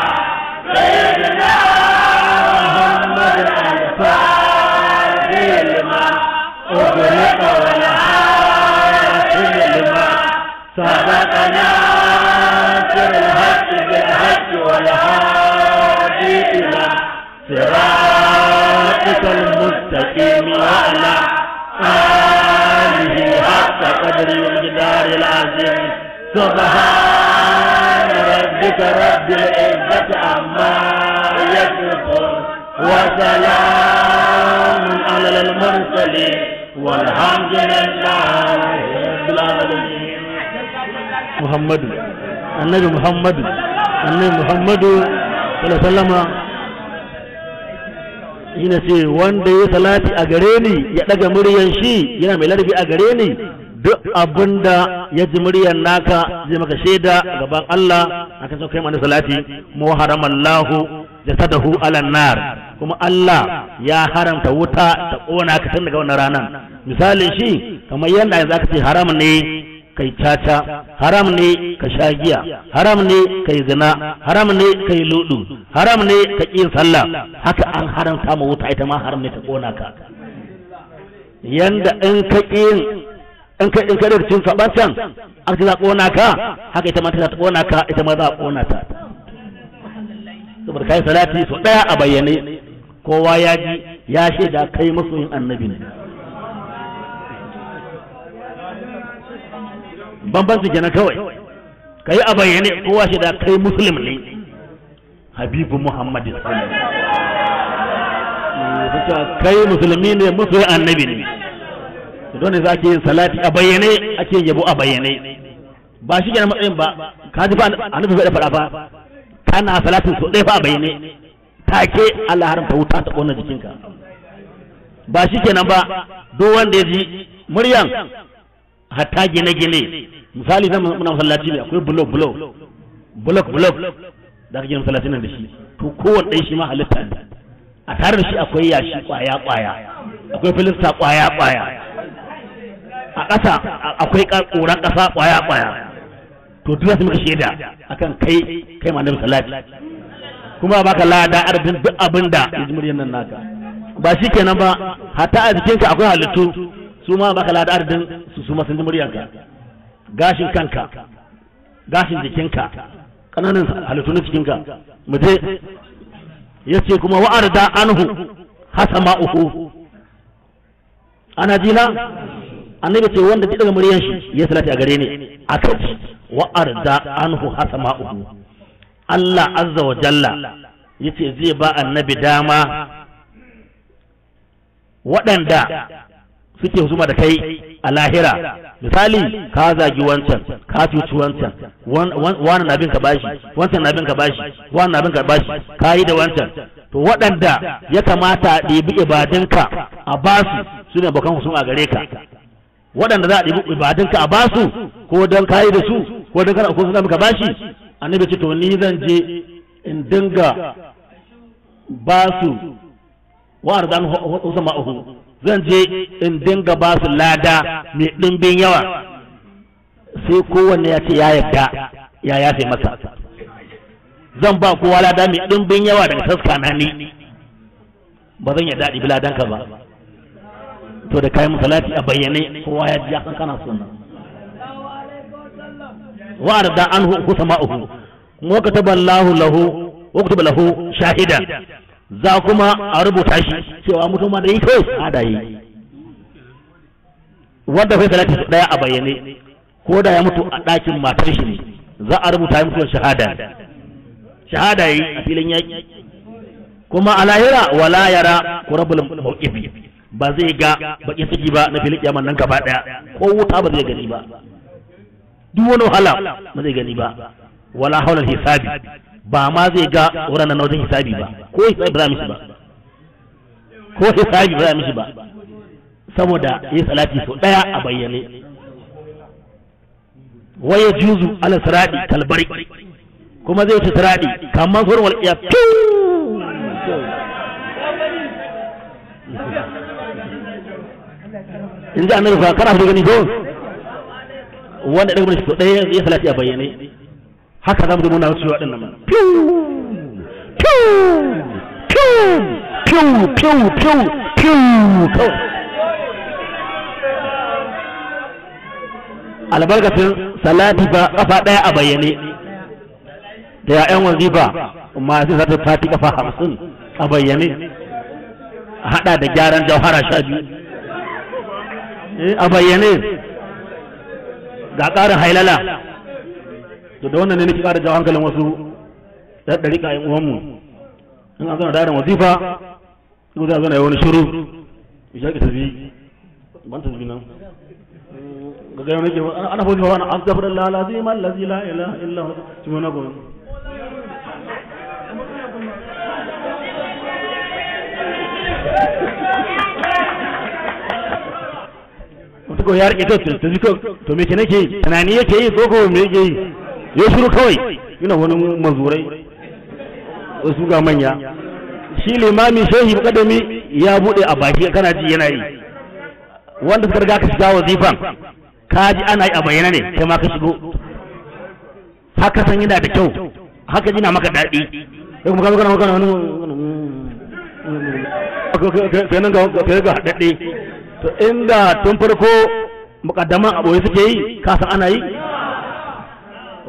sayyidina Muhammad al-Fatih lima ughliqa wal 他把那。صراطك المستقيم وعلى آله حق قدر والجدار العظيم سبحان ربك رب العزة عما يصفون وسلام على المرسلين والحمد لله رب العالمين محمد النبي محمد النبي محمد صلى الله عليه وسلم yana ce wanda ya salati a gare ni ya ɗaga muryan shi yana mai larabi a gare ni duk abinda ya ji muryan naka zai maka shaida gaban Allah kan sauka mana salati mu haramallahu jasadahu ala nar kuma Allah ya haramta wuta ta kona ka tun daga wannan ranan misalin shi kamar yadda yanzu aka ce haram ne kai caca haram ne ka sha giya haram ne kai zina haram ne kai ludu haram ne ka ƙin sallah haka an haramta mu wuta ita ma haram ne ta kona ka yanda in ka ƙin in ka in ka daga cin sabantan an ka kona ka haka ita ma ta kona ka ita ma za a kona ta saboda kai salati so daya a bayyane kowa ya ji ya shaida kai masoyin annabi ne bamban su kenan kawai ka yi a bayyane kowa shi da kai musulmi ne habibu muhammad sallallahu kai musulmi ne musulmi annabi ne don ne ake yin salati a bayyane ake yabo a bayyane ba shi kenan matsayin ba ka ji ba annabi bai da fada ba kana salatin so ɗaya ba a bayyane take Allah haramta wuta ta kona jikinka ba shi kenan ba duk wanda ya ji muryan hatta gine-gine misali zan muna masallaci ne akwai blok blok blok blok da aka gina masallaci nan da shi to kowanne ɗan shi ma halitta ne a tare da shi akwai yashi kwaya kwaya akwai filista kwaya kwaya a ƙasa akwai ƙoran ƙasa kwaya kwaya to duk wasu muka shaida akan kai kai ma nabi salati kuma ka lada adadin duk abin da ya ji muryan nan naka ba shi kenan ba hatta a jikinka akwai halittu su ma baka lada adadin su su masu muryanka gashin kanka gashin jikinka kananan halittu na cikinka mu je ya ce kuma wa'ar da anhu hasama uhu ana jina annabi ce wanda ji daga muryan shi ya salati a gare ni a kai wa'ar da anhu hasama uhu Allah azza wa jalla yace zai ba annabi dama waɗanda suke husuma da kai a lahira misali ka zagi wancan ka cuci wancan wani na bin ka bashi wancan na bin ka bashi wani na bin ka bashi ka yi da wancan to waɗanda ya kamata a ɗebi ibadinka a basu su ne bakan husuma gare ka waɗanda za a ɗebi ibadinka a basu ko don ka yi da su ko don kana ko suna maka bashi annabi ce to ni zan je in dinga basu wa'ardan husama uhu zan je in dinga ba su lada mai ɗimbin yawa sai kowanne ya ce ya yadda ya yafe masa zan ba kowa lada mai ɗimbin yawa daga taska na ni ba zan yarda ɗibi ladanka ba to da kayan musalati a bayyane kowa ya ji yasan kana suna wa arda anhu kusama uhu wa kataballahu lahu wa lahu shahida za kuma a rubuta shi cewa mutum ma da yi kawai a yi wanda fai salati daya a bayyane ko da ya mutu a ɗakin matar shi ne za a rubuta mutuwar shahada shahada yi a filin yaƙi kuma a lahira wala yara kurabul mawqifi ba zai ga baƙin ciki ba na filin kiyama nan gaba daya ko wuta ba zai gani ba duk wani wahala ba zai gani ba wala haula hisabi ba ma zai ga wuraren na wajen hisabi ba ko hisabi ba mishi ba ko hisabi ba mishi ba saboda yi salati so daya a bayyane waye juzu ala siradi kalbari kuma zai wuce siradi kamar sauran walƙiya in ji annabi fa kana fi gani ko wanda daga mana so daya ya salati a bayyane haka za mu zama muna wucewa ɗin nan piu piu piu piu piu albarkacin salati ba kafa ɗaya a bayyane da ya'yan ba, masu zata fati kafa hamsin a bayyane a haɗa da gyaran jauhara sha biyu eh, a bayyane ga ƙarin hailala to da wannan ne nake kara jawo hankalin wasu da ɗariƙa ƴan uwanmu in an zana darin wazifa ko za a zana wani shuru ya shaƙi tasbi ban tasbi nan ga gaya nake ana fa wazifa azabar azzafar lazim allazi la ilaha illa hu kuma na gobe ko ya rike to to me ke nake tunani yake yi ko ko me yake yi ya shiru kawai yana wani mazurai wasu ga manya shi limami shehi kadami ya bude a baki kana ji yana yi wanda suka riga ka shiga wazifan ka ji ana yi a bayyana ne kai ma ka shigo haka san yana da kyau haka ji na maka daɗi sai kuma ka kana kana wani kai nan ga ga daɗi to inda tun farko mukaddaman aboye suke yi ka san ana yi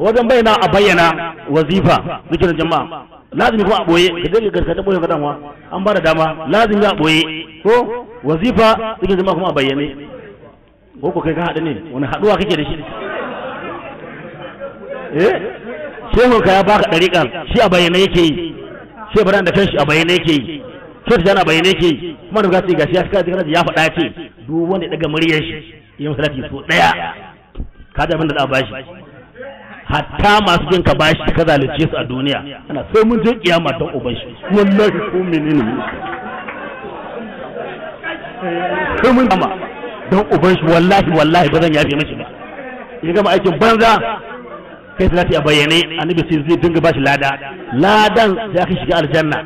wajen bayyana a bayyana wazifa zikirin jama'a lazimi kuma a boye ka dinga garkata boye kadan wa an ba da dama lazimi a boye ko wazifa zikirin jama'a kuma a bayyane ko ko kai ka hada ne wani haduwa kake da shi eh shehu ka ya baka dariƙan shi a bayyane yake yi sai bari da kanshi a bayyane yake yi sai ta a bayyane yake yi kuma da ga gashi ya fika da ya faɗa ce duk wanda ya daga muryar shi ya masalati so daya ka da abin da za a bashi hatta masu bin ka bashi ka zalunce su a duniya ana sai mun je kiyama don uban shi wallahi ko menene ne sai mun kama don uban shi wallahi wallahi ba zan yafe mishi ba ya gama aikin banza kai salati a bayyane annabi sai zai dinga bashi lada ladan sai aka shiga aljanna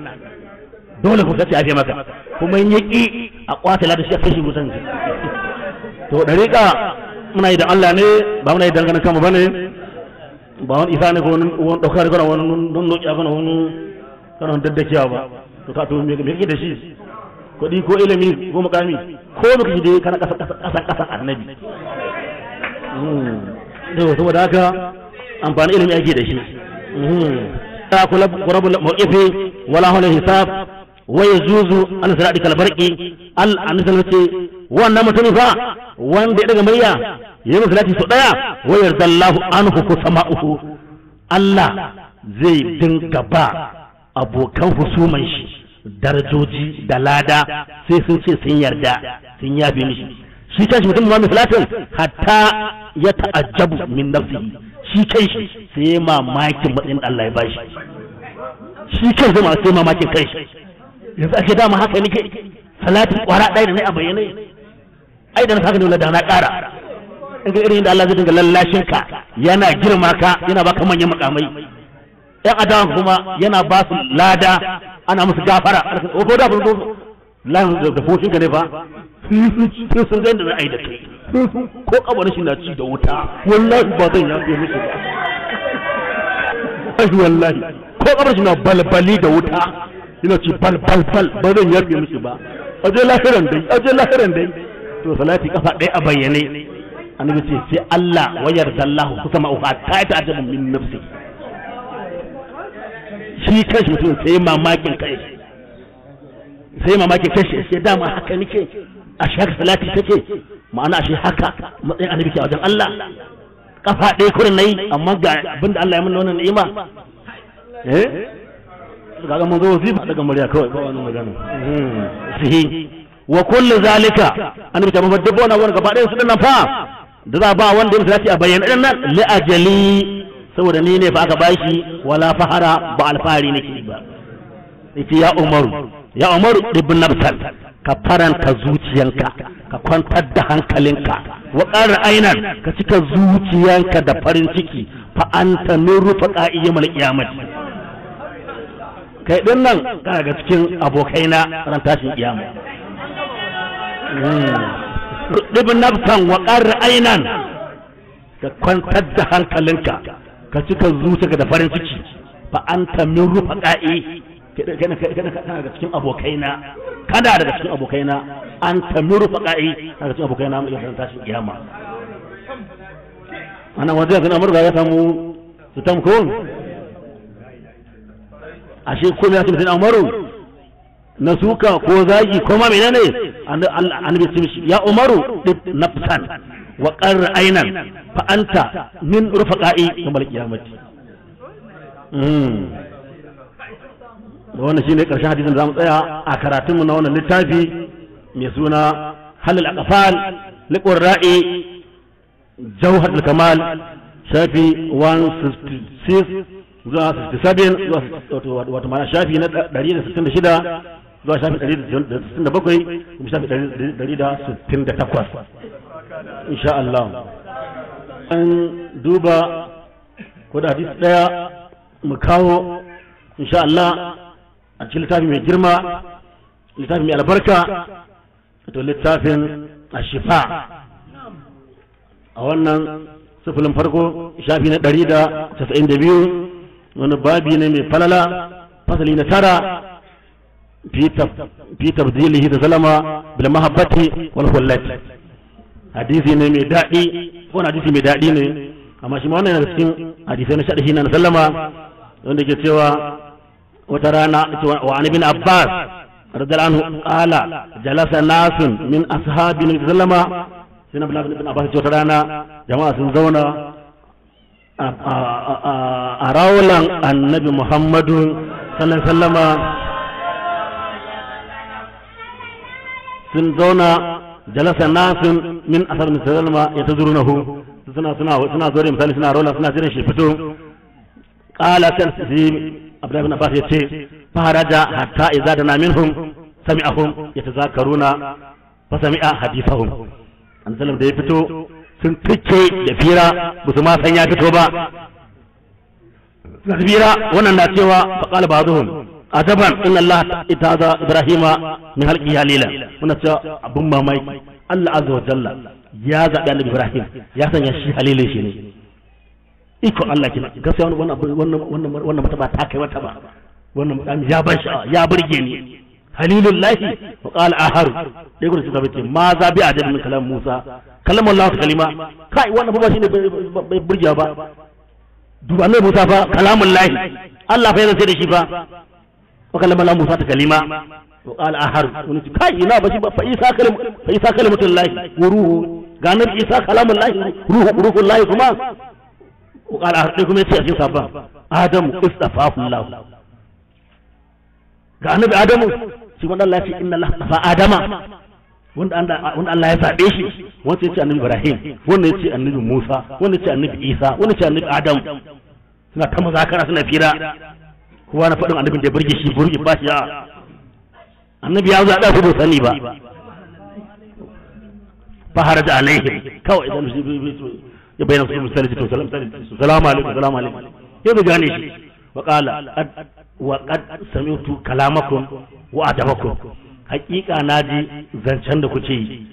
dole ku kace afiya maka kuma in yaki a kwata ladan shi a kashi musan to dariƙa muna yi da Allah ne ba muna yi dangane kanmu bane ba wani isa ne ko wani ɗaukar kana wani don nokiya kana wani kana daddakiya ba to ka to me kake da shi kuɗi ko ilimi ko mukami ko me kake da kana kasa kasa kasa annabi to hmm. saboda haka amfani ilimi ake da shi ta hmm. kula qurabul mawqifi wala hawla hisab wa yajuzu an sirati kalbarqi al an salati wannan mutumin fa wanda ya daga murya ya yi salati sau daya wa yardallahu anhu ku sama'uhu Allah zai dinga ba abokan husuman shi darajoji da lada sai sun ce sun yarda sun yafe mishi shi shi mutum ma salatin hatta ya ta'ajjabu min nafsi. shi shi? sai mamakin matsayin Allah ya bashi shi kanshi ma sai mamakin shi yanzu ake dama haka nake salatin kwara ɗaya da ne a bayyane ai da na ne wala da na ƙara in ga irin da Allah zai dinga lallashin ka yana girma ka yana baka manyan makamai yan adawan kuma yana ba su lada ana musu gafara ko ko da ko lahin da fofin ka ne fa sun ga inda za a yi da kai ko kabarin shi na ci da wuta wallahi ba zan yafe musu ba ai wallahi ko kabarin shi na balbali da wuta yana ci balbalbal ba zan yafe musu ba aje lahiran dai aje lahiran dai to salati kafa ɗaya a bayyane annabi ce sai Allah wayar dallahu kusa ma uka ta ta ajabu min nafsi shi kashi mutum sai mamakin kai sai mamakin kashi shi sai dama haka nake a shi haka salati take ma'ana shi haka matsayin annabi ke wajen Allah kafa ɗaya kurin nayi amma ga abinda Allah ya mun wannan ni'ima eh ga ga mun zo wazifa daga murya kawai ba wani magana hmm. sihi wa kullu zalika annabi ta mafa dubbo na wani gaba ɗaya su dinnan fa da za ba wanda ya salati a bayyana dinnan li ajali saboda ni ne fa aka bashi wala fahara ba alfahari nake ba yace ya umaru ya umaru ibn nabsal ka faranta zuciyanka ka kwantar da hankalinka wa ƙara ainan ka cika zuciyanka da farin ciki fa anta nuru fa mal qiyamati kai dinnan nan kana ga cikin abokaina ran tashin kiyama ɗibin nafsan wa ƙarar ainan ka kwantar da hankalinka ka cika zuciya da farin ciki fa an min rufa ƙa'i kana daga cikin abokaina kana daga cikin abokaina an min rufa ƙa'i daga cikin abokaina mai yawan tashi kiyama ana wanda yanzu na murza ya samu su tamko ashe komai ya ce mutum amaru na suka ko zagi ko ma menene annabi sun ya umaru dib nafsan wa qarra aynan fa anta min rufaqa'i yawmal qiyamati mm wannan shine karshen hadisin da zamu tsaya a karatunmu na wannan littafi mai suna halal aqfal liqur ra'i jawhar al-kamal shafi 166 zuwa 67 zuwa wato mana shafi na 166 zuwa shafi bakwai kuma shafi 168 insha Allah an duba ko da hadisi daya mu kawo insha Allah a cikin littafi mai girma littafi mai albarka to littafin ashifa a wannan sufulin farko shafi na da biyu wani babi ne mai falala fasali na tara fi tabdilihi da zalama bil mahabbati wal hullati hadisi ne mai daɗi ko hadisi mai daɗi ne amma shi ma wannan yana cikin hadisi na sharhi na sallama wanda ke cewa wata rana wa an ibn abbas radiyallahu anhu qala jalasa nasun min ashabi nabi sallama sai na ibn abbas wata rana jama'a sun zauna a rawulan annabi muhammadu sallallahu alaihi wasallama sun zauna jalasa nasun min asar salama ya ta hu suna suna suna zo misali suna rola suna jiran shi fito qala kan si abdullahi ibn abbas yace faharaja hatta idza dana minhum sami'ahum yatazakaruna fa sami'a hadithahum salam da ya fito sun tike da fira ba su ma san ya fito ba na fira wannan na cewa fa qala ba'dhum ajaban inna Allah ita za Ibrahima min halqi halila muna cewa abun mamaki Allah azza wa jalla ya zabi annabi Ibrahim ya sanya shi halilin shi ne iko Allah kina gaskiya wannan wannan wannan wannan mata ba ta kai wata ba wannan mutum ya ban sha ya burge ni halilullahi wa qala ahar dai gurin suka bace ma za bi adab min kalam Musa kalam Allah ta kalima kai wannan ba shine bai burge ba duba ne Musa fa kalamullahi Allah fa yana sai da shi fa Maka lamar lamu sata kalima, wa ƙala wani su kai ina ba shi ba fa isa kala mutum lahi, wa ruhu, ganar isa kala mutum lahi, ruhu, ruhu lahi wa ƙala a kuma ya ce a cin safa, Adamu, Kristofa, Fulawu. Ga bi Adamu, shi wanda Allah ya fi inna lafafa Adama, wanda Allah ya zaɓe shi, wanda ce annabi Ibrahim, wanda ce annabi Musa, wanda ce annabi Isa, wanda ce annabi Adamu, suna ta mazakara suna fira, kowa na faɗin annabin da burge shi burge ba shi ya annabi ya zaɓa ku bai sani ba fahara da alaihi kawai idan ya bayyana su misali to salam salamu alaikum salamu alaikum ya bi gane shi wa qala wa qad sami'tu kalamakum wa adabakum hakika naji zancen da kuke yi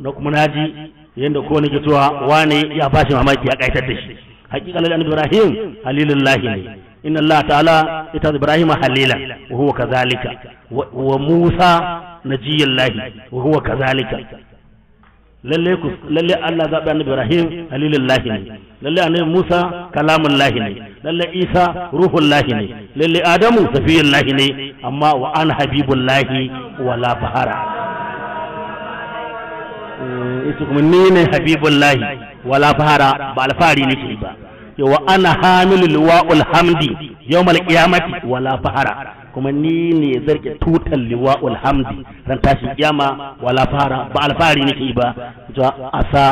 na kuma naji yanda ko nake cewa wane ya bashi mamaki ya kaitar da shi hakika lalle annabi Ibrahim halilullahi ne inna Allah ta'ala ita Ibrahim halila wa huwa kazalika wa Musa najiyallahi wa huwa kazalika lalle ku lalle Allah zaɓi annabi Ibrahim halilullahi ne lalle annabi Musa kalamullahi ne lalle Isa ruhullahi ne lalle Adamu safiyullahi ne amma wa an habibullahi wala fahara ita kuma ni ne habibullahi ba alfahari nake ba yawa ana hamilu liwa'ul hamdi yawmal qiyamati wala fahara kuma ni ne zarke tutan liwa'ul hamdi ran tashi kiyama wala fahara ba alfahari nake ba to asa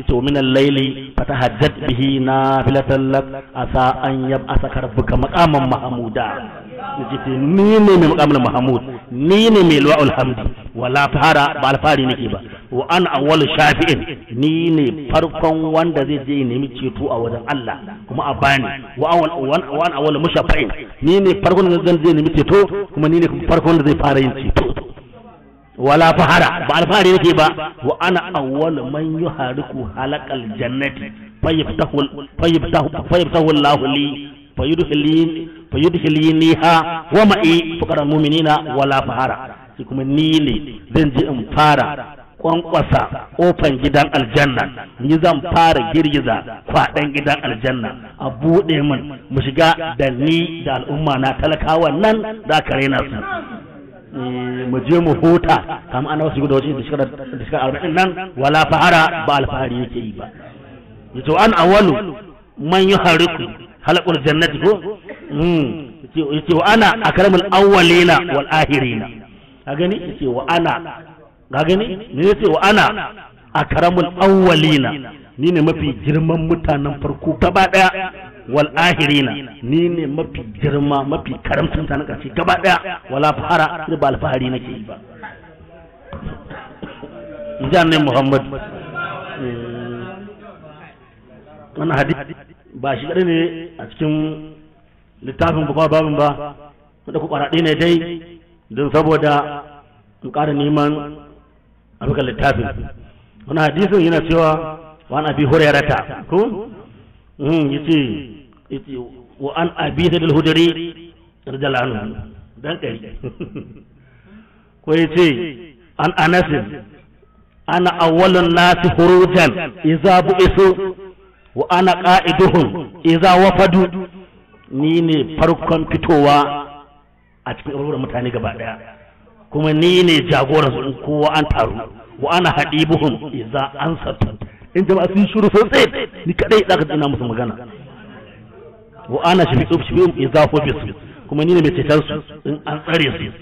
ito min al-layli fatahajjat bihi nafilatan lak asa an yab'asaka rabbuka maqaman mahmuda ce ni ne mai muqamul mahmud ni ne mai lu'ul hamdi wala fara ba alfari nake ba wa an awwal shafi'in ni ne farkon wanda zai je nemi ceto a wajen Allah kuma a bani wa awwal wa an awwal mushafa'in ni ne farkon da zai nemi ceto kuma ni ne farkon da zai fara yin ceto wala fahara ba alfahari nake ba wa ana awwal man yuhariku halaqal jannati fayabtahu fayabtahu fayabtahu Allahu li fayudkhili fa yudkhiliniha wa ma'i fuqara mu'minina wala fahara shi kuma ni ne zan je in fara kwankwasa kofan gidan aljanna ni zan fara girgiza kwaɗan gidan aljanna a buɗe min mu shiga da ni da al'umma na talakawan nan da aka raina su eh, mu je mu huta kamar an wasu gudu da shekarar arba'in nan wala fahara ba alfahari yake yi ba yato an awalu man yi yuhariku halakul jannati ko hmm. ya ce wa ana a akramul awwalina wal akhirina ka gani ya ce wa ana ga gani ne ce wa ana a akramul awwalina ni ne mafi girman mutanen farko gaba daya wal ahirina ni ne mafi girma mafi karamcin ta na karshe gaba daya wala fara ni ba alfahari nake yi ba in ji annabi muhammad eh. Wani hadisi ba shi kaɗai ne a cikin littafin ba babin ba wanda ku ƙwararri ne dai don saboda in ƙara neman afirka littafin wani hadisin yana cewa wa an abi ta ko hmm, yi ce wa an abi da hudari radiyallahu anhu dan kai *laughs* ko ce an anasin ana awwalun hurujan iza bu isu wa ana qa'iduhum idza wafadu ni ne farkon fitowa a cikin rurar mutane gaba daya kuma ni ne jagoran su kowa an taru wa ana hadibuhum idza ansatu in jama'a sun shuru sosai ni kadai za ka ina musu magana wa ana shafi'u shafi'u idza su kuma ni ne mai cetar su in an tsare su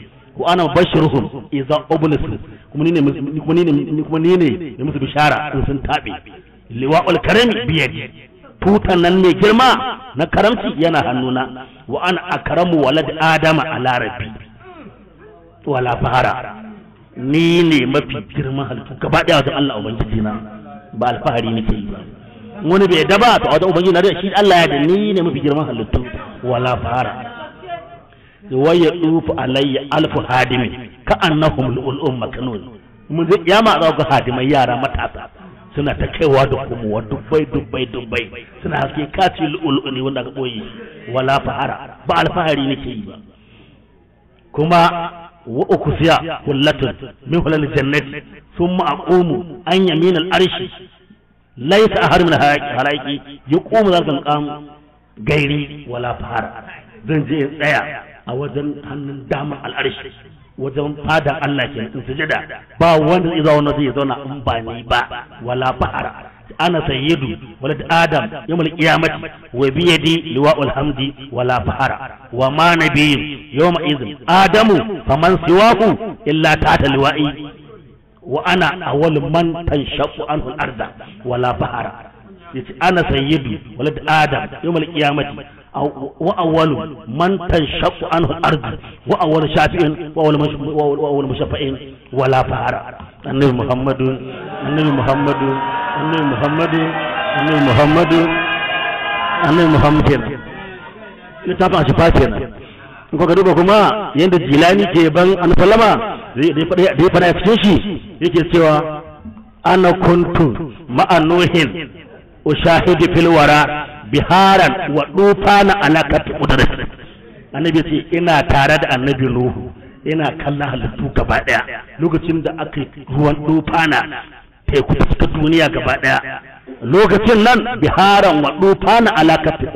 wa ana bashiruhum idza ublisu kuma ni ne kuma ni ne kuma ni ne musu bishara in sun tabe Liwa karami biyar. tutan nan mai girma na karamci yana hannuna wa an akramu walad adama ala rabbi wala fahara ni ne mafi girma halittu gaba daya wajen Allah ubangiji na ba alfahari nake yi ba wani bai daba to wajen ubangiji na da shi Allah ya da ni ne mafi girma halittu wala fahara wa ya dufu alayya alfu hadimi ka annahum ulul umma kanun mun ya ma za ku hadimai yara matasa suna ta kaiwa da komowa dubbai dubbai dubbai suna haske kaci lu'ulu'u ne wanda ka koyi wala fahara ba alfahari nake yi ba kuma wa siya kullatun min hulal jannati thumma aqumu an yamin al arshi laysa ahar min halaiki yaqumu zalkan qam gairi wala fahara zan je in tsaya a wajen hannun dama al arshi wajen fada Allah ke su sujada ba wanda zai zauna zai zauna in ba ni ba wala fa'ara ana sayyidu walad adam yawmal qiyamati wa bi yadi liwa'ul hamdi wala fa'ara wa ma nabiyyin yawma idhin adamu faman siwahu illa ta liwa'i wa ana awwal man tanshaqu anhu al-arda wala fa'ara yace ana sayyidu walad adam yawmal qiyamati wa awwalu man tanshaqu anhu al-ardu wa awwalu shafi'in wa awwalu mushaffa'in wala fahara annabi muhammadu annabi muhammadu annabi muhammadu annabi muhammadu annabi muhammadin littafin shi fatiya na in kuka duba kuma yadda jilani ke ban an sallama da ya fada ya fice shi yake cewa ana kuntu ma'a nuhin ushahidu fil wara biharan wa dufana alakati qudrat annabi ce ina tare da annabi nuhu ina kallon halittu gaba daya lokacin da aka ruwan dufana teku fuskar duniya gaba daya lokacin nan biharan wa dufana alakati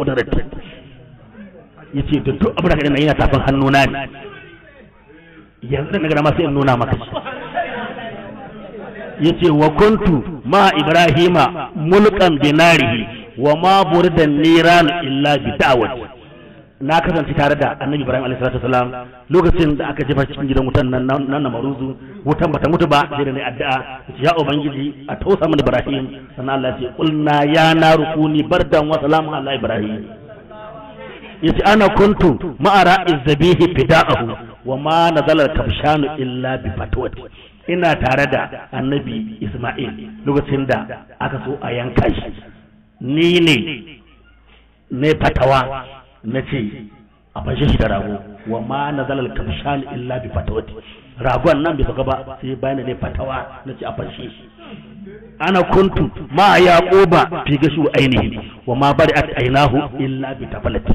Ya ce da duk abin da na yana tafin hannuna ne yanzu da nagarama sai in nuna maka ce wa kuntu ma ibrahima mulkan binarihi wa ma burda niran illa bi da'wat na kasance tare da annabi ibrahim alaihi salatu wasalam lokacin da aka jefa cikin gidan wutan nan nan na maruzu wutan bata mutu ba sai da ne addu'a ya ubangiji a tausa mana ibrahim sannan Allah ya ce qulna ya kuni bardan wa salamun ala ibrahim yace ana kuntu ma'ara izzabihi fida'ahu wa ma nazala kabshanu illa bi fatwati ina tare da annabi isma'il lokacin da aka so a yanka shi ni ne ne fatawa na ce a fashe shi da rago wa ma na zalal kamshan illa bi fatawati ragon nan bai gaba ba sai bayan ne fatawa na ce a fashe ana kuntu ma ya fi wa ainihi wa ma bari a ainahu illa bi tafalati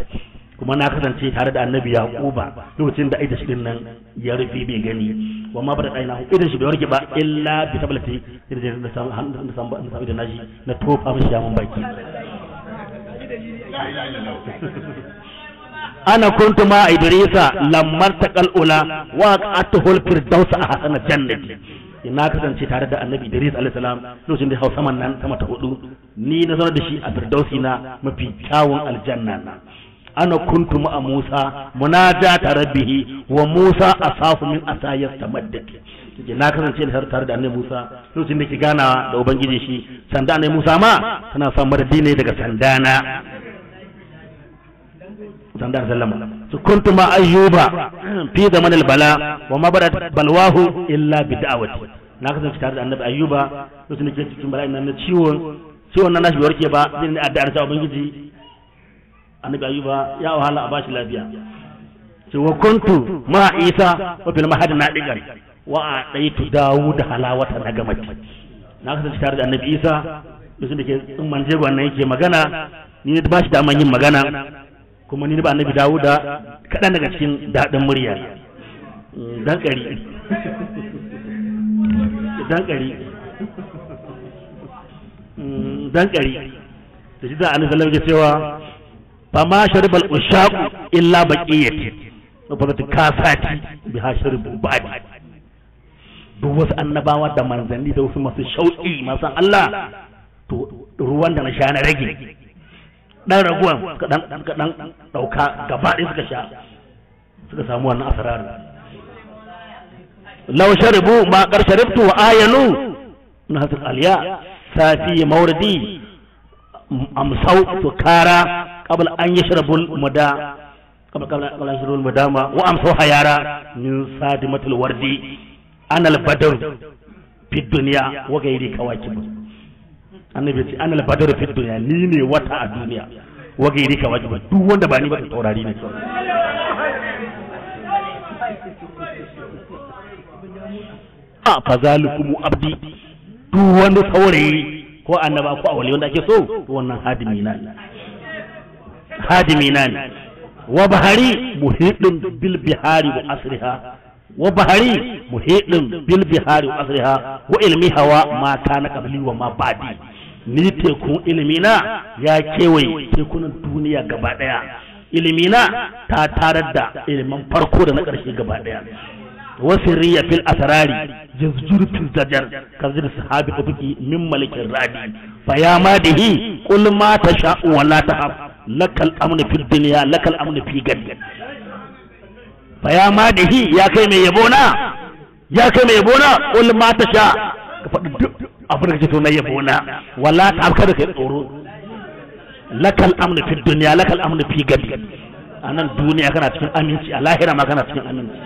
kuma na kasance tare da annabi yaquba lokacin da aita din nan ya rufe bai gani wa ma bada aina idan shi bai warke ba illa bi tablati idan da san da san da san da naji na tofa mishi mun baki ana kuntu ma idrisa lamman taqal ula wa qatuhul firdaus a hasana jannati na kasance tare da annabi idris alayhi salam lokacin da hausa man nan sama ta hudu ni na zauna da shi a firdausi na mafi kyawun aljanna ana kuntu ma Musa ta rabbihi wa Musa asafu min asayas tamaddad kike na kasance har tare da annabi Musa lokacin da ke ganawa da ubangiji shi sanda ne Musa ma tana samar da ne daga sandana sanda sallama su kuntu ma ayyuba fi zaman albala wa ma barat balwahu illa bi da'wati na kasance tare da annabi ayyuba lokacin da ke cikin bala'i na ciwon ciwon nan na shi warke ba zai ne addu'ar sa ubangiji annabi ayuba ya wahala a bashi lafiya ce wa kuntu ma isa wa fil mahad nadigan wa aitu dawud halawata na gamaki na kasance tare da annabi isa musu da ke manje jego nan yake magana ni ne bashi da daman yin magana kuma ni ba annabi dawo da kaɗan daga cikin daɗin murya dan kari dan kari dan kari da shi da annabi sallallahu alaihi cewa fama ma sharibal ushaqu illa baqiyati saboda kasati bi hasharibu badi duk wasu annabawa da manzanni da wasu masu shauƙi masu Allah to ruwan da na sha na rage dan raguwan suka dan suka dan dauka gaba ɗaya suka sha suka samu wannan asararu law sharibu ma qar sharibtu wa ayanu na hasil aliya safi mauridi amsau to kara kabal an yi shirabul mada kabal an shirabul mada ma wa amso hayara min sadi matul wardi an albadar fi duniya wa gairi kawaki ba annabi ce an albadar fi duniya ni ne wata a duniya wa gairi kawaki ba duk wanda ba ni ba taurari ne a fazalukumu abdi duk wanda saurayi ko annaba ko awali wanda ake so wannan hadimi na hadimina ne wa bahari muhidin bil bihari wa asriha wa bahari muhidin bil bihari wa asriha wa ilmi hawa ma kana qabli wa ma ba'di ni tekun na ya kewaye tekunan duniya gaba daya ilimina ta tarar da ilimin farko da na ƙarshe gaba daya wasirriya fil asrari jazjuru fil zajar kazir sahabi kutuki min malikin radi fa ya madihi qul ma tasha'u wa la tahab lakal amna fil dunya lakal amna fi gadda fa ya madihi ya kai mai yabo na ya kai mai yabo na qul ma tasha ka fadi duk abin da kake so na yabo na wala ta afka da kai tsoro lakal amna fil dunya lakal amna fi gadda anan duniya kana cikin aminci a lahira ma kana cikin aminci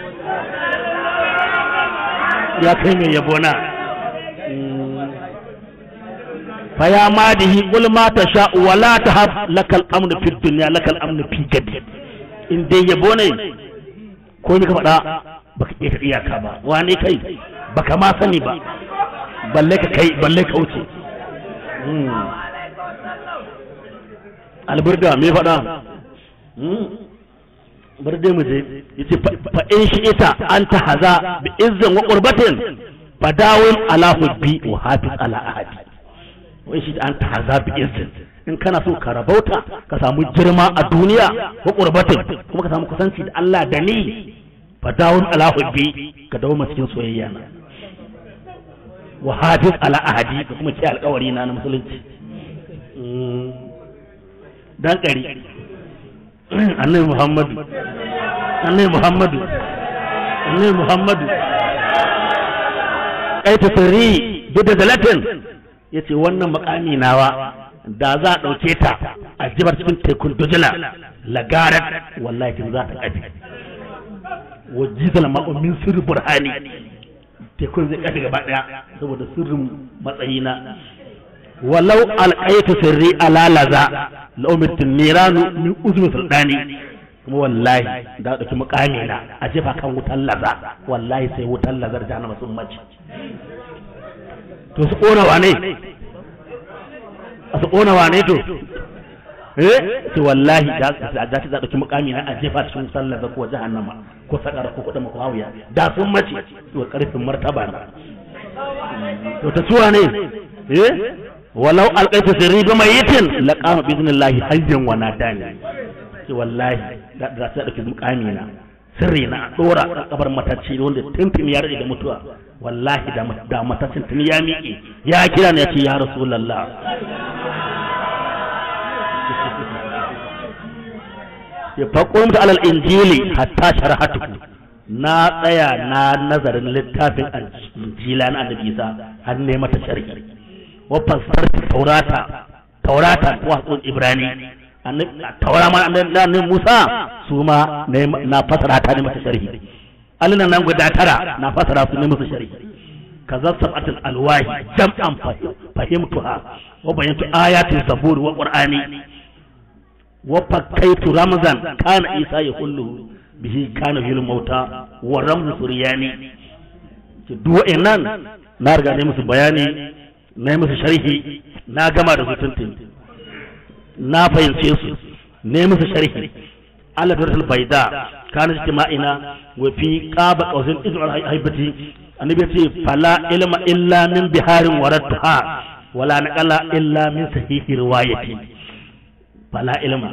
ya kai mai yabo na faya ma da hi ulma ta sha wala ta haf lakal amnu fi dunya lakal amnu fi gadi in dai yabo ne ko ni ka faɗa baka iya iyaka ba wani kai baka ma sani ba balle ka kai balle ka wuce alburda me faɗa bar mu je yace fa in shi ita an ta haza bi izzin wa qurbatin fa dawim ala hubbi wa hafiz ala ahadi wai shi an ta bi izin in kana son ka rabauta ka samu girma a duniya ko qurbatin kuma ka samu kusanci da Allah da ni fa dawun ala hubbi ka dawo cikin soyayya na wa hadis ala ahadi ka kuma ce alƙawari na na musulunci hmm. dan kari *clears throat* annabi muhammadu annabi muhammadu annabi muhammadu aita sirri da dalatin ya ce wannan makami nawa da za a ɗauke ta a jibar cikin tekun dujila lagarar wallahi za ta ƙafi wajizal ma'umin sirri burhani tekun zai ƙafi gaba ɗaya saboda sirrin matsayina walau alƙaita sirri alalaza la'umirtin niranu min uzumin sulɗani kuma wallahi da ɗauki mukami na a jefa kan wutan laza wallahi sai wutan lazar jana masu mace to su ƙona wane su ƙona wane to eh to wallahi da za ta ɗauki mukami na a jefa cikin sallar da ko jahannama ko sakara ko kuɗa ko hawiya da sun mace to karfin martaba na to ta suwa ne eh walau alƙaita sirri bi mayitin laqama bi idnillahi hayyan wa nadani ce wallahi da za ta ɗauki mukami na sirri na dora kabar matacci wanda tuntun ya rage da mutuwa wallahi da matacin tuni ya miƙe ya kira ne ya ce ya rasulallah ya faƙo mutu alal injili hatta sharhatuku na tsaya na nazarin littafin injila na annabi isa har ne mata sharhi wa fasar taurata taurata ko hakun ibrani taura ma annabi musa su ma na fasara ta ne mata sharhi alina nan guda tara na fasara su ne musu shari'i kaza sab'atul alwahi jam'an ha wa bayantu ayatul zabur wa qur'ani wa fakaitu ramzan kana isa ya kullu bihi kana fil mauta wa ramzu suryani ki duwa nan na riga ne musu bayani na musu sharhi na gama da su tuntun na fahimce su ne musu sharhi Ala aladar albaida kana ji ina wa fi qaba qawsin izu al haibati annabi ce fala ilma illa min biharin waratha wala naqala illa min sahihi riwayati fala ilma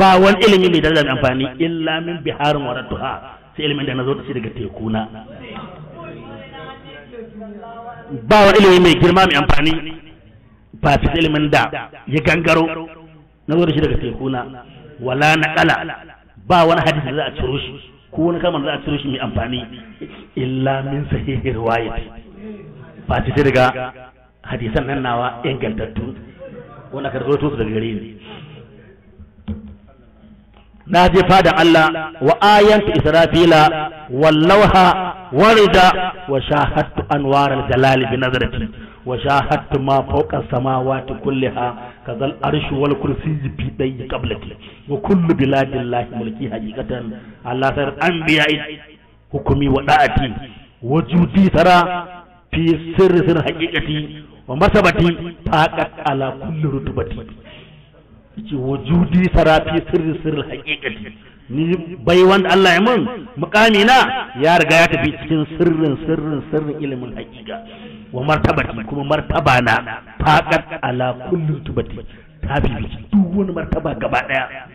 ba wan ilmi mai da amfani illa min biharin waratha sai ilmin da nazo da shi daga tekuna ba wan ilmi mai girma mai amfani ba ta ilmin da ya gangaro nazo da shi daga tekuna wala naqala ba wani hadisi da za a ciro shi ko wani kalmar da za a ciro shi mai amfani illa min sahihi riwayat ba ta daga hadisan nan nawa ingantattu wanda ka rawaito su daga gare ni na je fadan Allah wa ayatu israfila wallawha warida wa shahadtu anwar al-jalali bi nazarati wa shahadtu ma fawqa samawati kulliha kazal arshu wal kursiyyi fi dayyi qablati wa kullu biladillahi mulki haqiqatan Allah tar anbiya hukumi wa da'ati wujudi tara fi sirri sirri haqiqati wa masabati taqat ala kulli rutubati yace wujudi tara fi sirri sirri haqiqati ni bai wanda Allah ya mun mukami na ya riga ya tafi cikin sirrin sirrin sirrin ilimin hakika wa martabati kuma martaba na faqat ala kulli tubati ta fi duk wani martaba gaba daya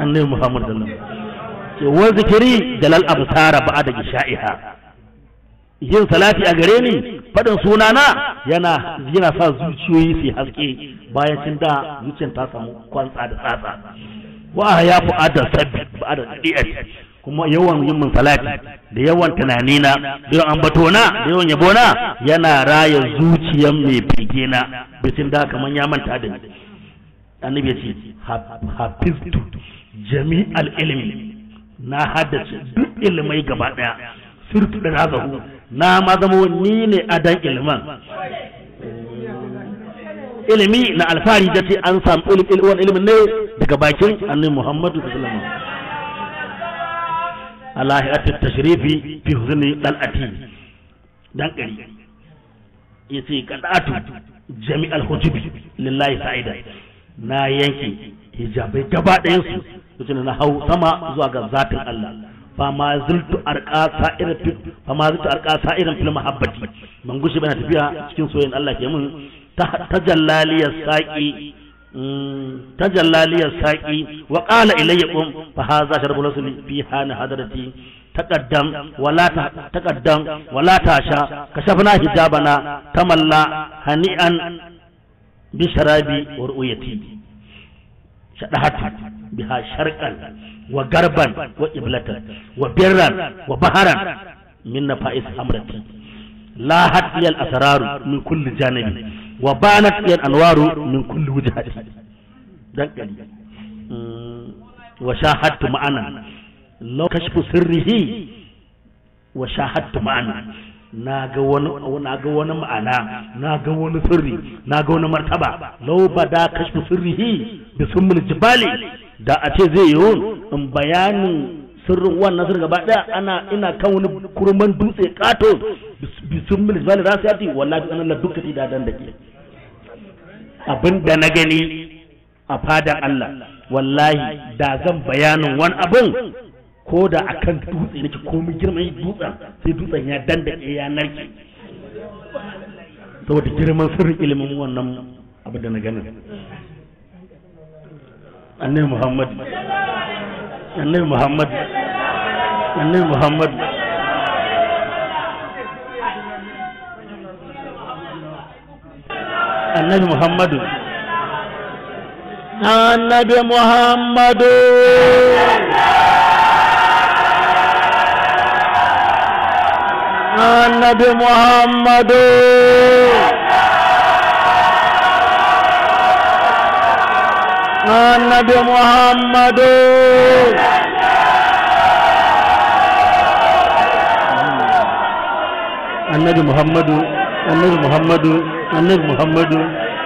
annabi Muhammad sallallahu alaihi wasallam ce wa zikiri jalal absara ba'da isha'iha yin salati a gare ni faɗin sunana yana yana sa zuciyoyi su haske bayan cin da zuciyar ta samu kwantsa da tsatsa wa ya adar sabbi ba'da di'ati kuma yawan yin min salati da yawan tunani na da yawan ambato na da yawan yabo na yana raya zuciyar mai bege na bisin da kaman ya manta da ni annabi ya ce hafiztu jami'al ilimi na haddace duk ilimai gaba daya sirtu da na na ma zama ni ne adan ilimin. ilimi na alfahari da ce an samu ilimin ilimin ne daga bakin annabi Muhammadu sallallahu alaihi wasallam Allah ya tashrifi fi huzni dal'ati dan kari yace qad'atu jami'al hujubi lillahi sa'ida na yanki hijabai gaba ɗayan su yace na hau sama zuwa ga zatin Allah fama zultu arqa sa'irin fama zultu arqa sa'irin fil mahabbati ban gushi bana tafiya cikin soyayyen Allah ke mun تجلالي الساقي تجلالي الساقي وقال إليكم فهذا شرب الرسول في حان حضرتي تقدم ولا تقدم ولا تاشا كشفنا حجابنا تملا هنيئا بشرابي ورؤيتي شرحت بها شرقا وغربا وإبلتا وبرا وبهرا من نفائس أمرتي لا حتى الأسرار من كل جانب wa banat yan alwaru min kulli wujhati dan kali mm, wa shahadtu ma'ana law kashfu sirrihi wa shahadtu ma'ana na ga wani naga wani ma'ana na ga wani sirri na ga wani martaba law bada kashfu sirrihi bi sumul jibali da a ce zai yi in bayanin sirrin wan nasir gaba daya ana ina kan wani kurman dutse kato bisun mil zali rasiyati wallahi ana la dukkan idadan da ke abin da na gani a fadan Allah wallahi da zan bayanin wani abin ko da akan dutse nake komai girman dutsen sai dutsen ya dandake ya narke saboda girman sirrin ilimin wannan abin da na ganin النبي محمد النبي محمد النبي محمد النبي محمد النبي محمد النبي محمد النبي محمد النبي محمد النبي محمد النبي محمد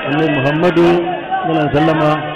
النبي محمد صلى الله عليه وسلم